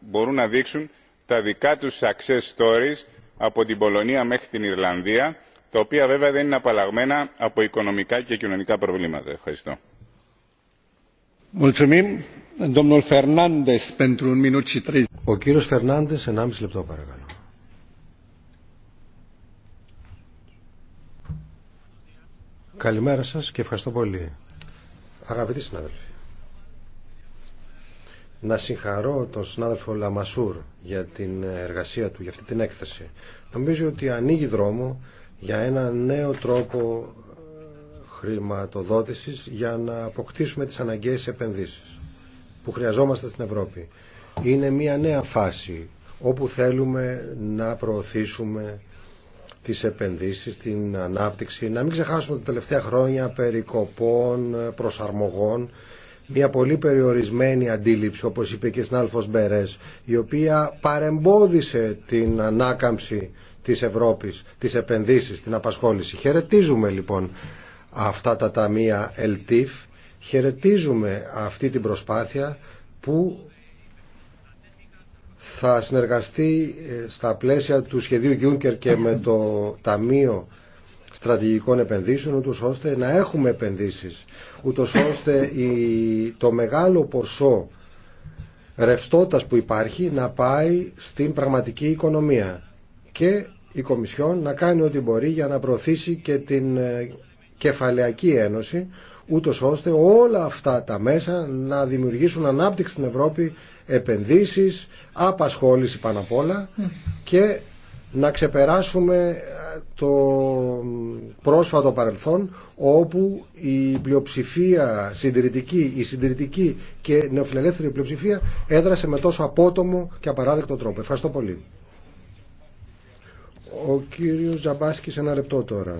μπορούν να δείξουν τα δικά του success stories από την πολωνία μέχρι την ιρλανδία τα οποία βέβαια δεν είναι απαλλαγμένα από οικονομικά και κοινωνικά προβλήματα. ευχαριστώ. Ο κύριο Φερνάντες, 1,5 λεπτό παρακαλώ. Καλημέρα σας και ευχαριστώ πολύ. Αγαπητοί συνάδελφοι να συγχαρώ τον συνάδελφο Λαμασούρ για την εργασία του, για αυτή την έκθεση. Νομίζω ότι ανοίγει δρόμο για ένα νέο τρόπο ε, χρηματοδότησης για να αποκτήσουμε τις αναγκαίες επενδύσεις που χρειαζόμαστε στην Ευρώπη. Είναι μια νέα φάση όπου θέλουμε να προωθήσουμε τις επενδύσεις, την ανάπτυξη, να μην ξεχάσουμε τα τελευταία χρόνια περικοπών, ε, προσαρμογών μια πολύ περιορισμένη αντίληψη, όπως είπε και στην Άλφος Μπερές, η οποία παρεμπόδισε την ανάκαμψη της Ευρώπης, της επενδύσεις, την απασχόληση. Χαιρετίζουμε λοιπόν αυτά τα ταμεία ΕΛΤΙΦ, χαιρετίζουμε αυτή την προσπάθεια που θα συνεργαστεί ε, στα πλαίσια του σχεδίου Γιούνκερ και με το Ταμείο στρατηγικών επενδύσεων, ούτως ώστε να έχουμε επενδύσεις, ούτως ώστε το μεγάλο ποσό ρευστότητα που υπάρχει να πάει στην πραγματική οικονομία και η Κομισιόν να κάνει ό,τι μπορεί για να προωθήσει και την ε, κεφαλαιακή ένωση, ούτως ώστε όλα αυτά τα μέσα να δημιουργήσουν ανάπτυξη στην Ευρώπη, επενδύσεις, απασχόληση πάνω απ' όλα και να ξεπεράσουμε ε, το πρόσφατο παρελθόν όπου η πλειοψηφία συντηρητική, η συντηρητική και νεοφιλελεύθερη πλειοψηφία έδρασε με τόσο απότομο και απαράδεκτο τρόπο. Ευχαριστώ πολύ. Ο κύριος Τζαμπάσκης ένα λεπτό τώρα.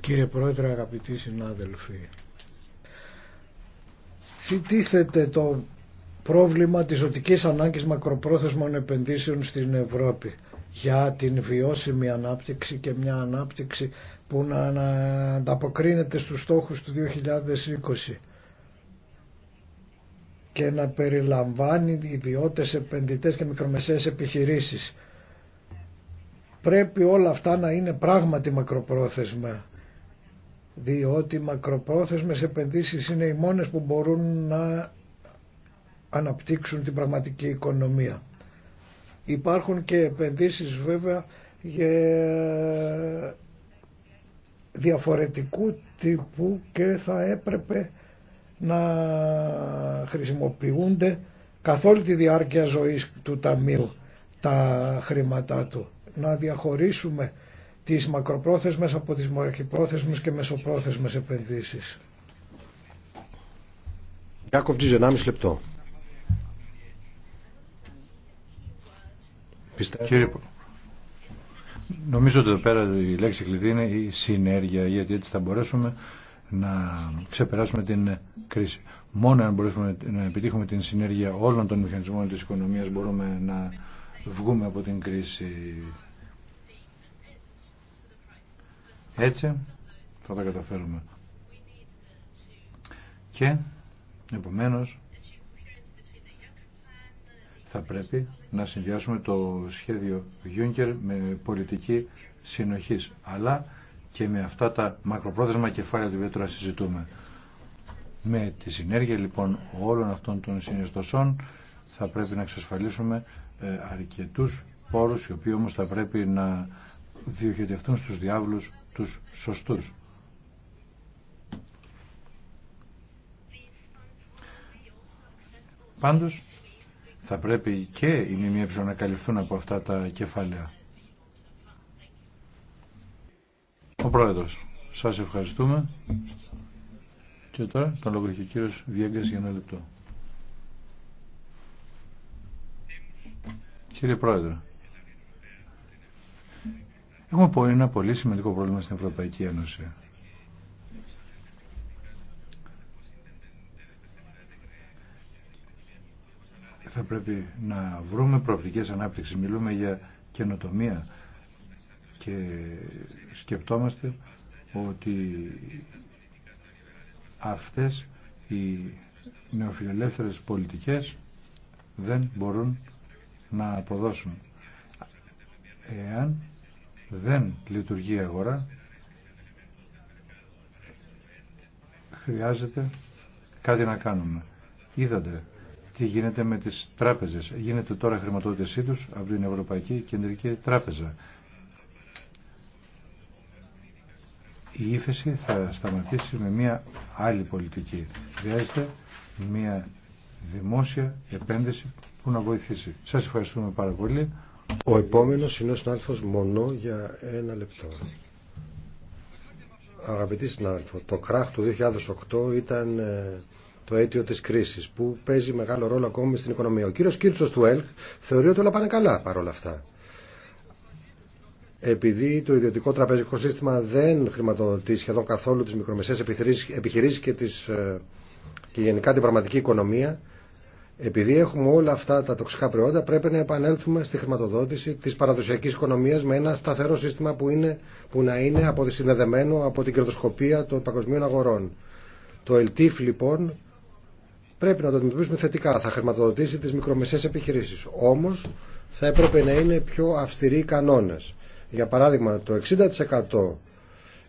Κύριε Πρόεδρε, αγαπητοί συνάδελφοι, το πρόβλημα της ζωτική ανάγκης μακροπρόθεσμων επενδύσεων στην Ευρώπη για την βιώσιμη ανάπτυξη και μια ανάπτυξη που να ανταποκρίνεται στους στόχους του 2020 και να περιλαμβάνει ιδιώτες, επενδυτές και μικρομεσαίες επιχειρήσεις. Πρέπει όλα αυτά να είναι πράγματι μακροπρόθεσμα, διότι μακροπρόθεσμες επενδύσεις είναι οι μόνες που μπορούν να αναπτύξουν την πραγματική οικονομία. Υπάρχουν και επενδύσεις βέβαια για διαφορετικού τύπου και θα έπρεπε να χρησιμοποιούνται καθ' όλη τη διάρκεια ζωής του Ταμείου τα χρήματά του. Να διαχωρίσουμε τις μακροπρόθεσμες από τις μακροπρόθεσμες και μεσοπρόθεσμες επενδύσεις. 1,5 λεπτό. Πιστεύω. Κύριε, νομίζω ότι εδώ πέρα η λέξη κλειδί είναι η συνέργεια, γιατί έτσι θα μπορέσουμε να ξεπεράσουμε την κρίση. Μόνο αν μπορέσουμε να επιτύχουμε την συνέργεια όλων των μηχανισμών της οικονομίας μπορούμε να βγούμε από την κρίση. Έτσι θα τα καταφέρουμε. Και επομένως θα πρέπει να συνδυάσουμε το σχέδιο Juncker με πολιτική συνοχής, αλλά και με αυτά τα μακροπρόθεσμα κεφάλαια του τώρα συζητούμε. Με τη συνέργεια λοιπόν όλων αυτών των συνιστοσών θα πρέπει να εξασφαλίσουμε ε, αρκετούς πόρους οι οποίοι όμως θα πρέπει να διοχετευτούν στους διάβλους τους σωστούς. Πάντως θα πρέπει και οι ΜΜΕ να καλυφθούν από αυτά τα κεφάλαια. Ο Πρόεδρος, σας ευχαριστούμε. Και τώρα τον λόγο έχει ο κύριος Βιέγκας για ένα λεπτό. Κύριε Πρόεδρε, έχουμε ένα πολύ σημαντικό πρόβλημα στην Ευρωπαϊκή Ένωση. θα πρέπει να βρούμε προοπτικές ανάπτυξη. Μιλούμε για καινοτομία και σκεπτόμαστε ότι αυτές οι νεοφιλελεύθερες πολιτικές δεν μπορούν να αποδώσουν. Εάν δεν λειτουργεί η αγορά, χρειάζεται κάτι να κάνουμε. Είδατε τι γίνεται με τις τράπεζες. Γίνεται τώρα χρηματοδότησή τους από την Ευρωπαϊκή Κεντρική Τράπεζα. Η ύφεση θα σταματήσει με μια άλλη πολιτική. Χρειάζεται μια δημόσια επένδυση που να βοηθήσει. Σας ευχαριστούμε πάρα πολύ. Ο επόμενος είναι ο συνάδελφος μονό για ένα λεπτό. Αγαπητοί συνάδελφοι, το κράχ του 2008 ήταν ε, το αίτιο τη κρίση, που παίζει μεγάλο ρόλο ακόμη στην οικονομία. Ο κύριο Κίρτσος του ΕΛΚ θεωρεί ότι όλα πάνε καλά παρόλα αυτά. Επειδή το ιδιωτικό τραπεζικό σύστημα δεν χρηματοδοτεί σχεδόν καθόλου τι μικρομεσαίες επιχειρήσει και, τις, ε, και γενικά την πραγματική οικονομία, επειδή έχουμε όλα αυτά τα τοξικά προϊόντα, πρέπει να επανέλθουμε στη χρηματοδότηση τη παραδοσιακή οικονομία με ένα σταθερό σύστημα που, είναι, που να είναι αποσυνδεδεμένο από την κερδοσκοπία των παγκοσμίων αγορών. Το ΕΛΤΙΦ λοιπόν πρέπει να το αντιμετωπίσουμε θετικά. Θα χρηματοδοτήσει τι μικρομεσαίες επιχειρήσει. Όμω θα έπρεπε να είναι πιο αυστηροί οι κανόνε. Για παράδειγμα, το 60%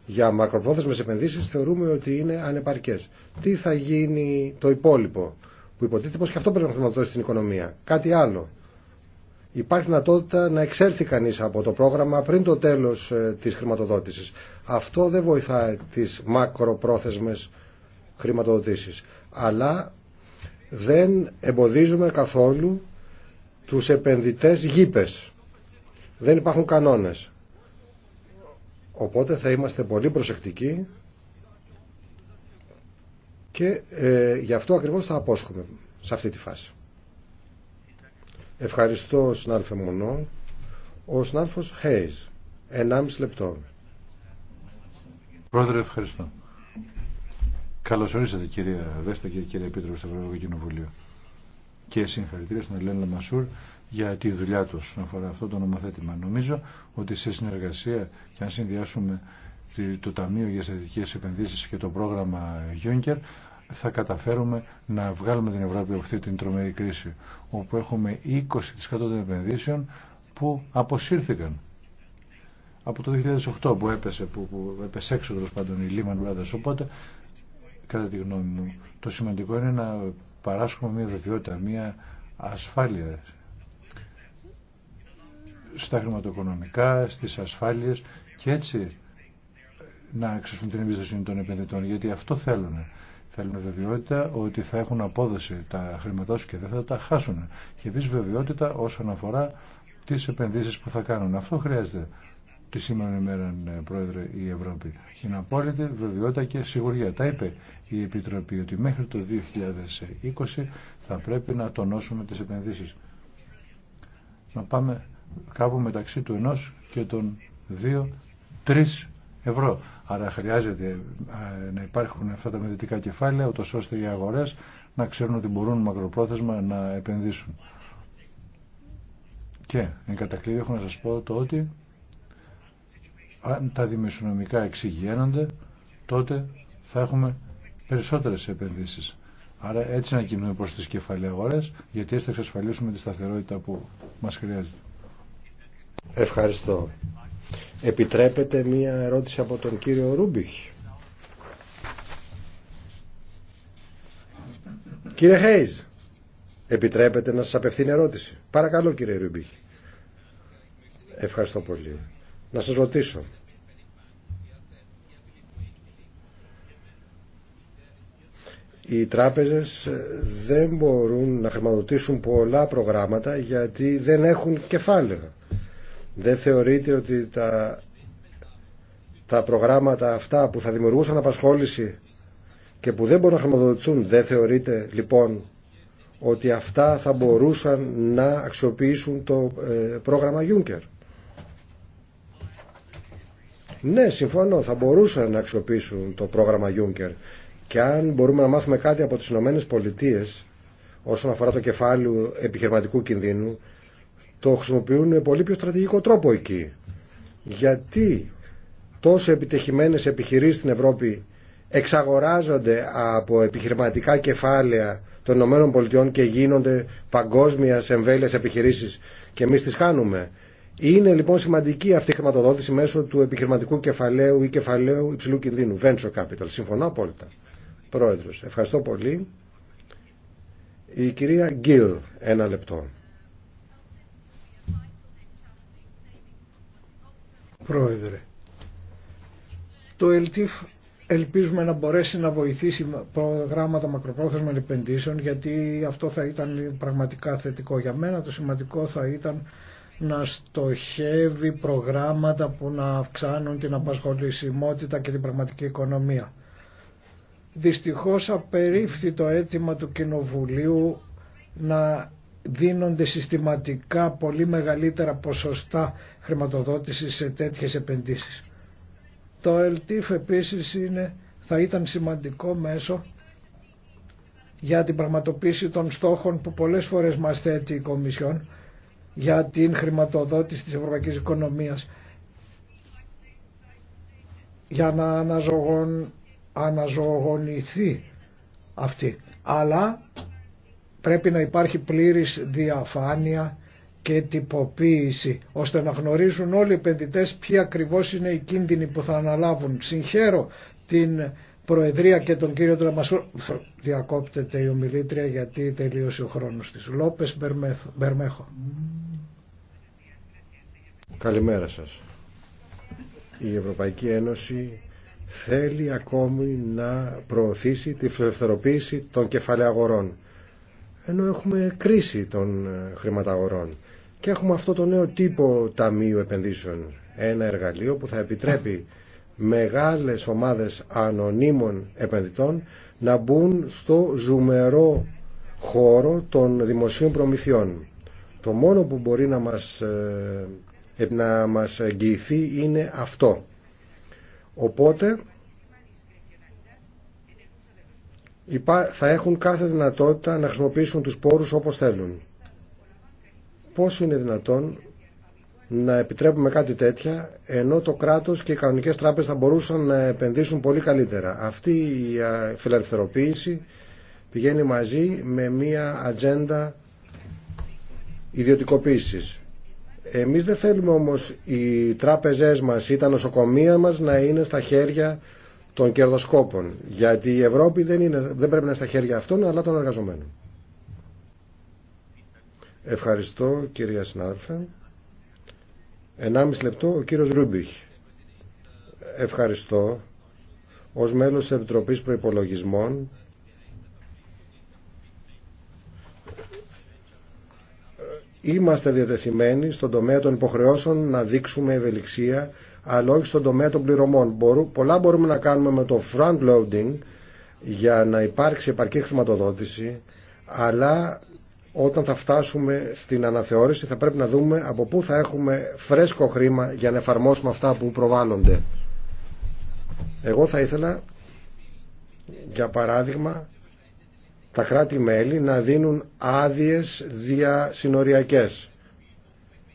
για μακροπρόθεσμε επενδύσει θεωρούμε ότι είναι ανεπαρκέ. Τι θα γίνει το υπόλοιπο, που υποτίθεται πω και αυτό πρέπει να χρηματοδοτήσει την οικονομία. Κάτι άλλο. Υπάρχει δυνατότητα να εξέλθει κανεί από το πρόγραμμα πριν το τέλος ε, τη χρηματοδότηση. Αυτό δεν βοηθάει τι μακροπρόθεσμε χρηματοδοτήσει. Αλλά δεν εμποδίζουμε καθόλου τους επενδυτές γήπες. Δεν υπάρχουν κανόνες. Οπότε θα είμαστε πολύ προσεκτικοί και ε, γι' αυτό ακριβώς θα απόσχουμε σε αυτή τη φάση. Ευχαριστώ συνάλφε Μονό. Ο συνάδελφος Χέις, 1,5 λεπτό. Πρόεδρε ευχαριστώ. Καλώς ορίσατε κυρία Βέστα και κύριε Επίτροπο στο Ευρωπαϊκό Κοινοβουλίο. Και συγχαρητήρια στον Ελένα Μασούρ για τη δουλειά του όσον αφορά αυτό το νομοθέτημα. Νομίζω ότι σε συνεργασία και αν συνδυάσουμε το Ταμείο για Στατικές επενδύσει και το πρόγραμμα Juncker θα καταφέρουμε να βγάλουμε την Ευρώπη από αυτή την τρομερή κρίση όπου έχουμε 20% των επενδύσεων που αποσύρθηκαν από το 2008 που έπεσε, που, που έπεσε έξω τέλο πάντων η Lehman Brothers. Οπότε κατά τη γνώμη μου, το σημαντικό είναι να παράσχουμε μια βεβαιότητα, μια ασφάλεια στα χρηματοοικονομικά, στις ασφάλειες και έτσι να αξιστούν την εμπιστοσύνη των επενδυτών, γιατί αυτό θέλουν. Θέλουν βεβαιότητα ότι θα έχουν απόδοση τα χρήματά και δεν θα τα χάσουν. Και επίση βεβαιότητα όσον αφορά τις επενδύσεις που θα κάνουν. Αυτό χρειάζεται τη σήμερα ημέρα, ναι, Πρόεδρε, η Ευρώπη. Είναι απόλυτη βεβαιότητα και σιγουριά. Τα είπε η Επιτροπή ότι μέχρι το 2020 θα πρέπει να τονώσουμε τις επενδύσεις. Να πάμε κάπου μεταξύ του ενός και των δύο, τρεις ευρώ. Άρα χρειάζεται ε, να υπάρχουν αυτά τα μεδυτικά κεφάλαια, ούτως ώστε οι αγορές να ξέρουν ότι μπορούν μακροπρόθεσμα να επενδύσουν. Και, εν κατακλείδη, έχω να σας πω το ότι αν τα δημοσιονομικά εξηγένονται, τότε θα έχουμε περισσότερες επενδύσεις. Άρα έτσι να κινούμε προς τις κεφαλαίες αγορές, γιατί έτσι θα εξασφαλίσουμε τη σταθερότητα που μας χρειάζεται. Ευχαριστώ. Επιτρέπετε μία ερώτηση από τον κύριο Ρούμπιχ. Κύριε Χέιζ, επιτρέπετε να σας απευθύνει ερώτηση. Παρακαλώ κύριε Ρούμπιχ. Ευχαριστώ πολύ. Να σας ρωτήσω. οι τράπεζες ε, δεν μπορούν να χρηματοδοτήσουν πολλά προγράμματα γιατί δεν έχουν κεφάλαιο. Δεν θεωρείται ότι τα, τα προγράμματα αυτά που θα δημιουργούσαν απασχόληση και που δεν μπορούν να χρηματοδοτηθούν, δεν θεωρείται λοιπόν ότι αυτά θα μπορούσαν να αξιοποιήσουν το ε, πρόγραμμα Juncker. Ναι, συμφωνώ, θα μπορούσαν να αξιοποιήσουν το πρόγραμμα Juncker και αν μπορούμε να μάθουμε κάτι από τις Ηνωμένε Πολιτείε όσον αφορά το κεφάλαιο επιχειρηματικού κινδύνου, το χρησιμοποιούν με πολύ πιο στρατηγικό τρόπο εκεί. Γιατί τόσο επιτυχημένες επιχειρήσεις στην Ευρώπη εξαγοράζονται από επιχειρηματικά κεφάλαια των Ηνωμένων Πολιτειών και γίνονται παγκόσμια εμβέλειας επιχειρήσεις και εμείς τις κάνουμε. Είναι λοιπόν σημαντική αυτή η χρηματοδότηση μέσω του επιχειρηματικού κεφαλαίου ή κεφαλαίου υψηλού κινδύνου, venture capital. Συμφωνώ απόλυτα. Πρόεδρος. Ευχαριστώ πολύ. Η κυρία Γκίλ, ένα λεπτό. Πρόεδρε, το ΕΛΤΙΦ ελπίζουμε να μπορέσει να βοηθήσει προγράμματα μακροπρόθεσμα επενδύσεων γιατί αυτό θα ήταν πραγματικά θετικό. Για μένα το σημαντικό θα ήταν να στοχεύει προγράμματα που να αυξάνουν την απασχολησιμότητα και την πραγματική οικονομία. Δυστυχώς απερίφθη το αίτημα του Κοινοβουλίου να δίνονται συστηματικά πολύ μεγαλύτερα ποσοστά χρηματοδότησης σε τέτοιες επενδύσεις. Το ΕΛΤΙΦ επίσης είναι, θα ήταν σημαντικό μέσο για την πραγματοποίηση των στόχων που πολλές φορές μας θέτει η Κομισιόν για την χρηματοδότηση της ευρωπαϊκής οικονομίας για να αναζωογον αναζωογονηθεί αυτή. Αλλά πρέπει να υπάρχει πλήρης διαφάνεια και τυποποίηση ώστε να γνωρίζουν όλοι οι επενδυτές ποιοι ακριβώς είναι οι κίνδυνοι που θα αναλάβουν. Συγχαίρω την Προεδρία και τον κύριο Τραμασούρ. Διακόπτεται η ομιλήτρια γιατί τελείωσε ο χρόνος της. Λόπες Μπερμέχο. Καλημέρα σας. Η Ευρωπαϊκή Ένωση θέλει ακόμη να προωθήσει τη φελευθεροποίηση των κεφαλαίων ενώ έχουμε κρίση των ε, χρηματαγορών και έχουμε αυτό το νέο τύπο ταμείου επενδύσεων ένα εργαλείο που θα επιτρέπει μεγάλες ομάδες ανωνύμων επενδυτών να μπουν στο ζουμερό χώρο των δημοσίων προμηθειών. Το μόνο που μπορεί να μας, ε, να μας εγγυηθεί είναι αυτό. Οπότε θα έχουν κάθε δυνατότητα να χρησιμοποιήσουν τους πόρους όπως θέλουν. Πώς είναι δυνατόν να επιτρέπουμε κάτι τέτοια, ενώ το κράτος και οι κανονικές τράπεζες θα μπορούσαν να επενδύσουν πολύ καλύτερα. Αυτή η φιλελευθερωποίηση πηγαίνει μαζί με μια ατζέντα ιδιωτικοποίησης. Εμείς δεν θέλουμε όμως οι τράπεζές μας ή τα νοσοκομεία μας να είναι στα χέρια των κερδοσκόπων. Γιατί η Ευρώπη δεν, είναι, δεν πρέπει να είναι στα χέρια αυτών αλλά των εργαζομένων. Ευχαριστώ κυρία συνάδελφε. Ενάμιση λεπτό ο κύριος Ρούμπιχ. Ευχαριστώ. Ως μέλος της Επιτροπής Προϋπολογισμών Είμαστε διατεθειμένοι στον τομέα των υποχρεώσεων να δείξουμε ευελιξία, αλλά όχι στον τομέα των πληρωμών. Μπορού, πολλά μπορούμε να κάνουμε με το front loading για να υπάρξει επαρκή χρηματοδότηση, αλλά όταν θα φτάσουμε στην αναθεώρηση θα πρέπει να δούμε από πού θα έχουμε φρέσκο χρήμα για να εφαρμόσουμε αυτά που προβάλλονται. Εγώ θα ήθελα, για παράδειγμα, τα κράτη-μέλη να δίνουν άδειες διασυνοριακές.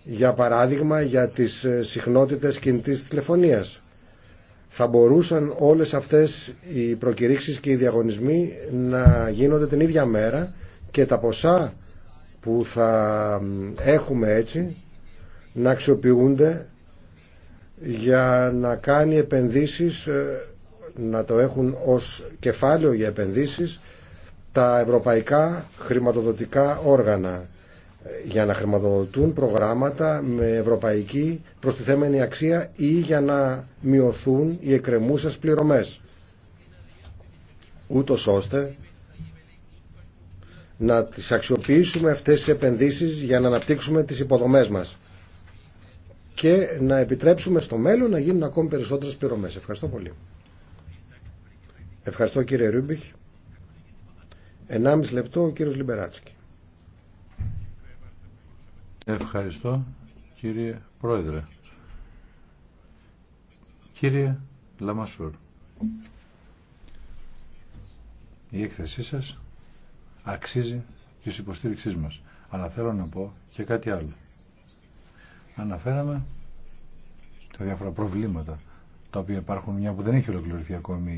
Για παράδειγμα, για τις ε, συχνότητες κινητής τηλεφωνίας. Θα μπορούσαν όλες αυτές οι προκηρύξεις και οι διαγωνισμοί να γίνονται την ίδια μέρα και τα ποσά που θα έχουμε έτσι να αξιοποιούνται για να κάνει επενδύσεις, ε, να το έχουν ως κεφάλαιο για επενδύσεις τα ευρωπαϊκά χρηματοδοτικά όργανα ε, για να χρηματοδοτούν προγράμματα με ευρωπαϊκή προστιθέμενη αξία ή για να μειωθούν οι εκκρεμούσες πληρωμές ούτως ώστε να τις αξιοποιήσουμε αυτές τις επενδύσεις για να αναπτύξουμε τις υποδομές μας και να επιτρέψουμε στο μέλλον να γίνουν ακόμη περισσότερες πληρωμές. Ευχαριστώ πολύ. Ευχαριστώ κύριε Ρούμπιχ. 1,5 λεπτό ο κύριος Λιμπεράτσκι. Ευχαριστώ κύριε Πρόεδρε. Κύριε Λαμασούρ, η έκθεσή σας αξίζει της υποστήριξής μας. Αλλά θέλω να πω και κάτι άλλο. Αναφέραμε τα διάφορα προβλήματα τα οποία υπάρχουν μια που δεν έχει ολοκληρωθεί ακόμη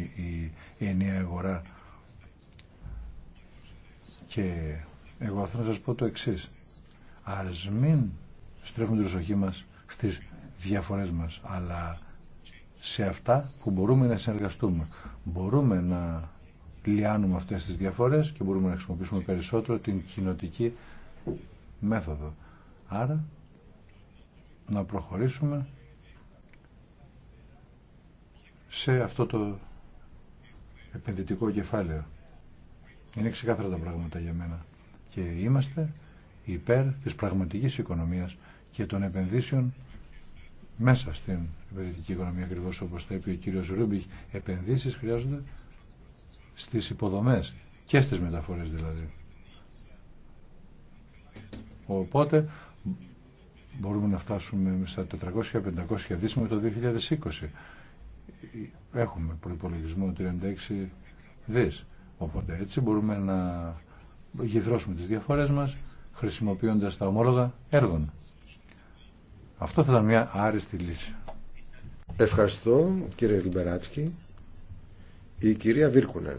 η ενιαία αγορά και εγώ θέλω να σας πω το εξής. Ας μην στρέφουμε την προσοχή μας στις διαφορές μας, αλλά σε αυτά που μπορούμε να συνεργαστούμε. Μπορούμε να λιάνουμε αυτές τις διαφορές και μπορούμε να χρησιμοποιήσουμε περισσότερο την κοινοτική μέθοδο. Άρα, να προχωρήσουμε σε αυτό το επενδυτικό κεφάλαιο. Είναι ξεκάθαρα τα πράγματα για μένα. Και είμαστε υπέρ της πραγματικής οικονομίας και των επενδύσεων μέσα στην επενδυτική οικονομία, ακριβώ όπω τα είπε ο κύριο Ρούμπιχ. Επενδύσει χρειάζονται στι υποδομέ και στι μεταφορέ δηλαδή. Οπότε μπορούμε να φτάσουμε στα 400-500 δις με το 2020. Έχουμε προϋπολογισμό 36 δι. Οπότε έτσι μπορούμε να γυφρώσουμε τις διαφορές μας χρησιμοποιώντας τα ομόλογα έργων. Αυτό θα ήταν μια άριστη λύση. Ευχαριστώ κύριε Λιμπεράτσκι. Η κυρία Βίρκουνεν.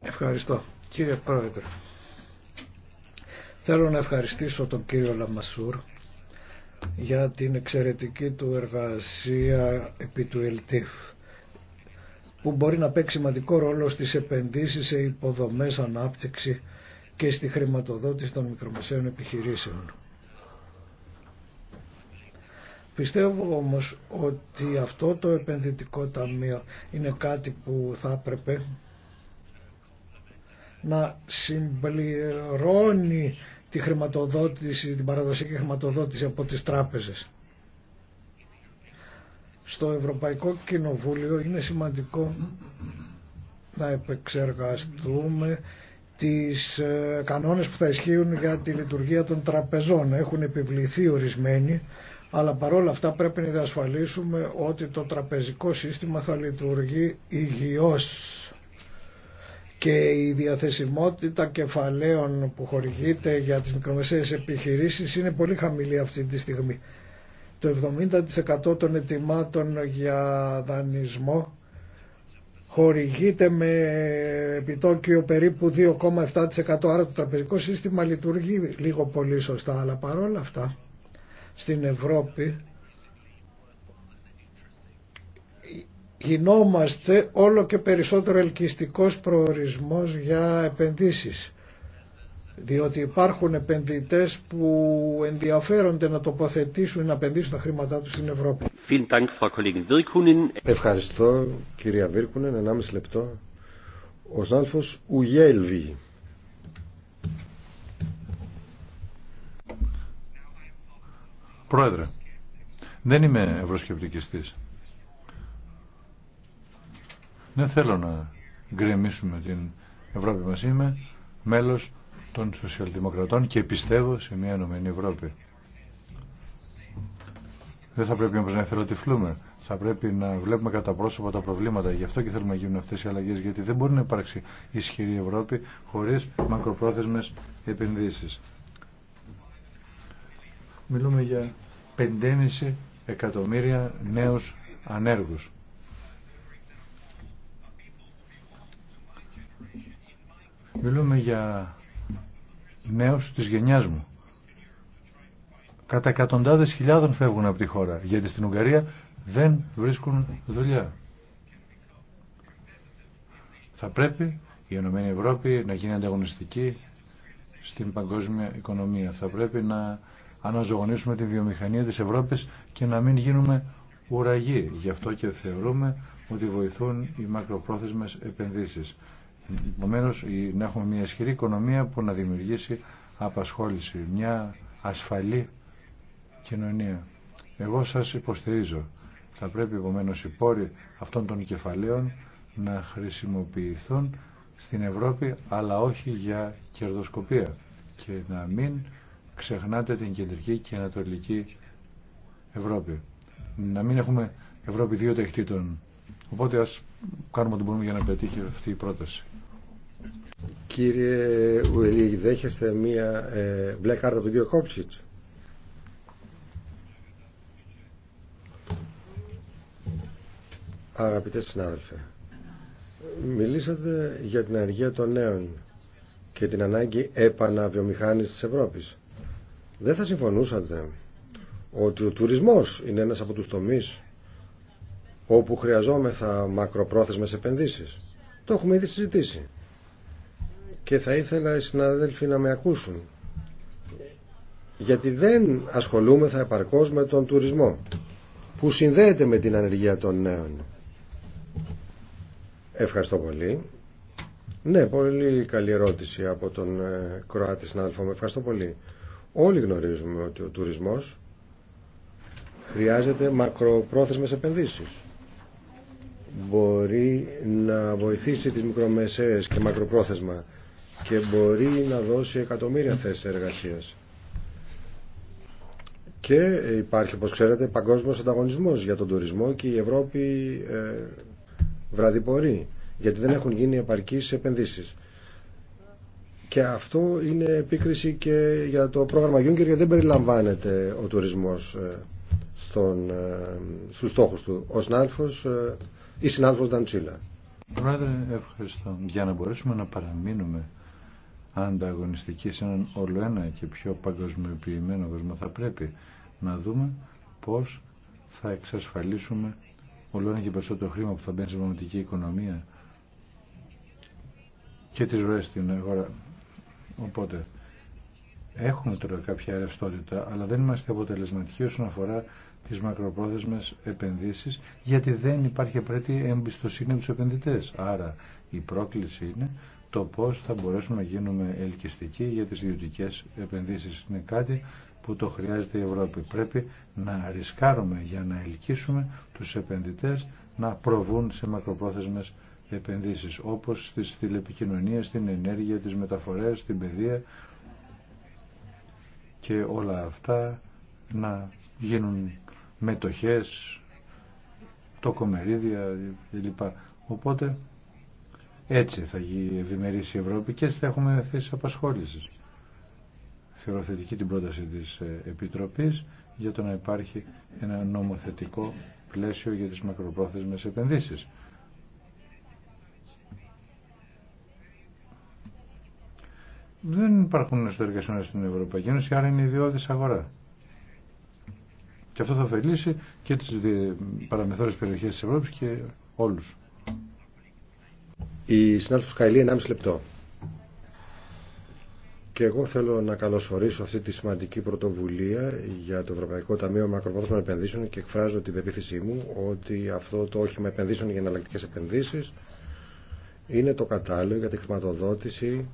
Ευχαριστώ κύριε Πρόεδρε. Θέλω να ευχαριστήσω τον κύριο Λαμασούρ για την εξαιρετική του εργασία επί του ΕΛΤΙΦ που μπορεί να παίξει σημαντικό ρόλο στις επενδύσεις σε υποδομές ανάπτυξη και στη χρηματοδότηση των μικρομεσαίων επιχειρήσεων. Πιστεύω όμως ότι αυτό το επενδυτικό ταμείο είναι κάτι που θα έπρεπε να συμπληρώνει τη χρηματοδότηση, την παραδοσιακή χρηματοδότηση από τις τράπεζες. Στο Ευρωπαϊκό Κοινοβούλιο είναι σημαντικό να επεξεργαστούμε τις ε, κανόνες που θα ισχύουν για τη λειτουργία των τραπεζών. Έχουν επιβληθεί ορισμένοι, αλλά παρόλα αυτά πρέπει να διασφαλίσουμε ότι το τραπεζικό σύστημα θα λειτουργεί υγιώς και η διαθεσιμότητα κεφαλαίων που χορηγείται για τις μικρομεσαίες επιχειρήσεις είναι πολύ χαμηλή αυτή τη στιγμή. Το 70% των ετοιμάτων για δανεισμό χορηγείται με επιτόκιο περίπου 2,7% άρα το τραπεζικό σύστημα λειτουργεί λίγο πολύ σωστά αλλά παρόλα αυτά στην Ευρώπη γινόμαστε όλο και περισσότερο ελκυστικός προορισμός για επενδύσεις διότι υπάρχουν επενδυτές που ενδιαφέρονται να τοποθετήσουν να επενδύσουν τα χρήματά τους στην Ευρώπη. Ευχαριστώ κυρία Βίρκουνεν, Ενάμιση λεπτό. Ο Ζάλφος Ουγέλβη. Πρόεδρε, δεν είμαι ευρωσκεπτικιστής. Δεν θέλω να γκρεμίσουμε την Ευρώπη μας. Είμαι μέλος των σοσιαλδημοκρατών και πιστεύω σε μια ενωμένη Ευρώπη. Δεν θα πρέπει όμως να εθελοτυφλούμε. Θα πρέπει να βλέπουμε κατά πρόσωπα τα προβλήματα. Γι' αυτό και θέλουμε να γίνουν αυτές οι αλλαγές, γιατί δεν μπορεί να υπάρξει ισχυρή Ευρώπη χωρίς μακροπρόθεσμες επενδύσεις. Μιλούμε για 5,5 εκατομμύρια νέους ανέργους. Μιλούμε για νέους της γενιάς μου. Κατά εκατοντάδες χιλιάδων φεύγουν από τη χώρα, γιατί στην Ουγγαρία δεν βρίσκουν δουλειά. Θα πρέπει η Ενωμένη Ευρώπη να γίνει ανταγωνιστική στην παγκόσμια οικονομία. Θα πρέπει να αναζωογονήσουμε τη βιομηχανία της Ευρώπης και να μην γίνουμε ουραγοί. Γι' αυτό και θεωρούμε ότι βοηθούν οι μακροπρόθεσμες επενδύσεις. Επομένω, να έχουμε μια ισχυρή οικονομία που να δημιουργήσει απασχόληση, μια ασφαλή κοινωνία. Εγώ σας υποστηρίζω. Θα πρέπει επομένω οι πόροι αυτών των κεφαλαίων να χρησιμοποιηθούν στην Ευρώπη, αλλά όχι για κερδοσκοπία. Και να μην ξεχνάτε την κεντρική και ανατολική Ευρώπη. Να μην έχουμε Ευρώπη δύο ταχυτήτων Οπότε ας κάνουμε ό,τι μπορούμε για να πετύχει αυτή η πρόταση. Κύριε Ουελή, δέχεστε μία ε, μπλε κάρτα από τον κύριο Κόψιτς. Αγαπητέ συνάδελφε, μιλήσατε για την αργία των νέων και την ανάγκη επαναβιομηχάνησης της Ευρώπης. Δεν θα συμφωνούσατε ότι ο τουρισμός είναι ένας από τους τομείς όπου χρειαζόμεθα μακροπρόθεσμες επενδύσεις. Το έχουμε ήδη συζητήσει. Και θα ήθελα οι συναδέλφοι να με ακούσουν. Γιατί δεν ασχολούμεθα επαρκώς με τον τουρισμό που συνδέεται με την ανεργία των νέων. Ευχαριστώ πολύ. Ναι, πολύ καλή ερώτηση από τον ε, Κροάτη συνάδελφο Ευχαριστώ πολύ. Όλοι γνωρίζουμε ότι ο τουρισμός χρειάζεται μακροπρόθεσμες επενδύσεις μπορεί να βοηθήσει τις μικρομεσαίες και μακροπρόθεσμα και μπορεί να δώσει εκατομμύρια θέσεις εργασίας. Και υπάρχει, όπως ξέρετε, παγκόσμιος ανταγωνισμός για τον τουρισμό και η Ευρώπη ε, βραδιπορεί, γιατί δεν έχουν γίνει επαρκείς επενδύσεις. Και αυτό είναι επίκριση και για το πρόγραμμα Juncker, γιατί δεν περιλαμβάνεται ο τουρισμός ε, στον, ε, στους στόχους του. Ο η συνάδελφος Νταντσίλα. Πρόεδρε, ευχαριστώ. Για να μπορέσουμε να παραμείνουμε ανταγωνιστικοί σε έναν όλο ένα και πιο παγκοσμιοποιημένο κόσμο θα πρέπει να δούμε πώς θα εξασφαλίσουμε όλο ένα και περισσότερο χρήμα που θα μπαίνει στην πραγματική οικονομία και τις ροές στην αγορά. Οπότε Έχουμε τώρα κάποια ρευστότητα, αλλά δεν είμαστε αποτελεσματικοί όσον αφορά τι μακροπρόθεσμε επενδύσει, γιατί δεν υπάρχει απαραίτητη εμπιστοσύνη από του επενδυτέ. Άρα η πρόκληση είναι το πώ θα μπορέσουμε να γίνουμε ελκυστικοί για τι ιδιωτικέ επενδύσει. Είναι κάτι που το χρειάζεται η Ευρώπη. Πρέπει να ρισκάρουμε για να ελκύσουμε του επενδυτέ να προβούν σε μακροπρόθεσμε επενδύσει. Όπω στι τηλεπικοινωνίες, στην ενέργεια, τι μεταφορέ, στην παιδεία, και όλα αυτά να γίνουν μετοχές, τοκομερίδια κλπ. Οπότε έτσι θα γίνει η Ευρώπη και έτσι θα έχουμε θέσει απασχόληση Θεωρώ θετική την πρόταση της ε, Επιτροπής για το να υπάρχει ένα νομοθετικό πλαίσιο για τις μακροπρόθεσμες επενδύσεις. δεν υπάρχουν εσωτερικέ συνόρε στην Ευρωπαϊκή Ένωση, άρα είναι ιδιώδη αγορά. Και αυτό θα ωφελήσει και τι παραμεθόρε περιοχέ τη Ευρώπη και όλου. Η συνάδελφο Καηλή, 1,5 λεπτό. Και εγώ θέλω να καλωσορίσω αυτή τη σημαντική πρωτοβουλία για το Ευρωπαϊκό Ταμείο Μακροπρόθεσμων Επενδύσεων και εκφράζω την πεποίθησή μου ότι αυτό το όχημα επενδύσεων για εναλλακτικέ επενδύσει είναι το κατάλληλο για τη χρηματοδότηση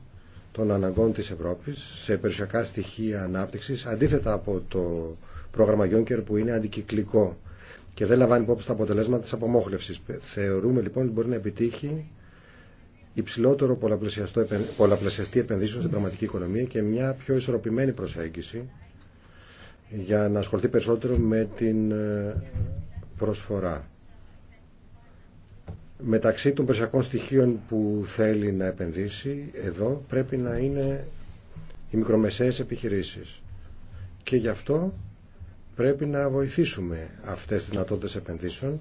των αναγκών της Ευρώπης σε περιουσιακά στοιχεία ανάπτυξης αντίθετα από το πρόγραμμα Juncker που είναι αντικυκλικό και δεν λαμβάνει υπόψη τα αποτελέσματα της απομόχλευσης. Θεωρούμε λοιπόν ότι μπορεί να επιτύχει υψηλότερο πολλαπλασιαστή επενδύσεων στην πραγματική οικονομία και μια πιο ισορροπημένη προσέγγιση για να ασχοληθεί περισσότερο με την ε, προσφορά μεταξύ των περισσιακών στοιχείων που θέλει να επενδύσει εδώ πρέπει να είναι οι μικρομεσαίες επιχειρήσεις. Και γι' αυτό πρέπει να βοηθήσουμε αυτές τις δυνατότητες επενδύσεων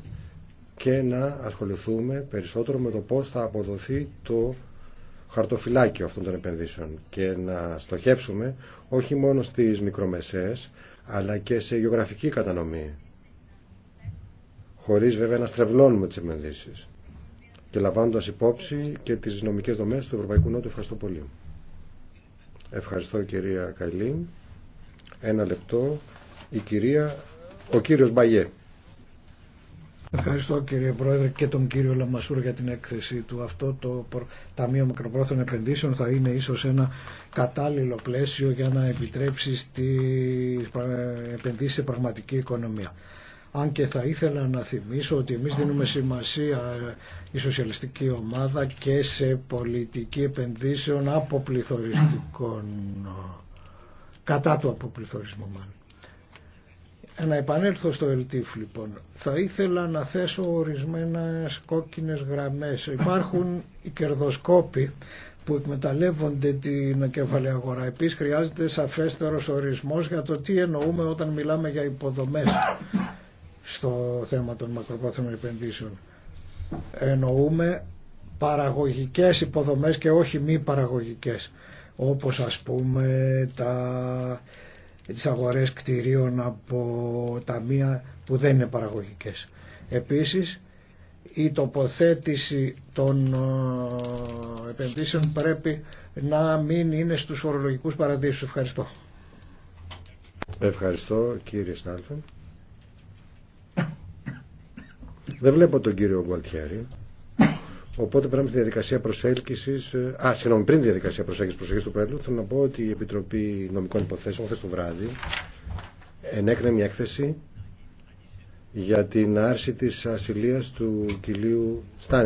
και να ασχοληθούμε περισσότερο με το πώς θα αποδοθεί το χαρτοφυλάκιο αυτών των επενδύσεων και να στοχεύσουμε όχι μόνο στις μικρομεσαίες αλλά και σε γεωγραφική κατανομή χωρίς βέβαια να στρεβλώνουμε τις επενδύσεις και λαμβάνοντας υπόψη και τις νομικές δομές του Ευρωπαϊκού Νότου. Ευχαριστώ πολύ. Ευχαριστώ κυρία Καϊλίν. Ένα λεπτό. Η κυρία, ο κύριος Μπαγιέ. Ευχαριστώ κύριε Πρόεδρε και τον κύριο Λαμασούρ για την έκθεση του. Αυτό το Ταμείο Μικροπρόθεων Επενδύσεων θα είναι ίσως ένα κατάλληλο πλαίσιο για να επιτρέψει στις επενδύσεις σε πραγματική οικονομία αν και θα ήθελα να θυμίσω ότι εμείς δίνουμε σημασία ε, η σοσιαλιστική ομάδα και σε πολιτική επενδύσεων αποπληθωριστικών, ε, κατά του αποπληθωρισμού μάλλον. Να επανέλθω στο ΕΛΤΙΦ λοιπόν. Θα ήθελα να θέσω ορισμένες κόκκινες γραμμές. Υπάρχουν οι κερδοσκόποι που εκμεταλλεύονται την κεφαλαία αγορά. Επίσης χρειάζεται σαφέστερος ορισμός για το τι εννοούμε όταν μιλάμε για υποδομές στο θέμα των μακροπρόθεσμων επενδύσεων. Εννοούμε παραγωγικές υποδομές και όχι μη παραγωγικές όπως ας πούμε τα, τις αγορές κτηρίων από ταμεία που δεν είναι παραγωγικές. Επίσης η τοποθέτηση των ε, επενδύσεων πρέπει να μην είναι στους φορολογικούς παραδείσους. Ευχαριστώ. Ευχαριστώ κύριε Στάλφεν. Δεν βλέπω τον κύριο Γκουαλτιέρη. Οπότε πρέπει στη διαδικασία προσέλκυση. Ε, α, συγγνώμη, πριν τη διαδικασία προσέλκυση προσοχή του Πρόεδρου, θέλω να πω ότι η Επιτροπή Νομικών Υποθέσεων χθε το βράδυ ενέκρινε μια έκθεση για την άρση της ασυλίας του κυλίου Στάνη.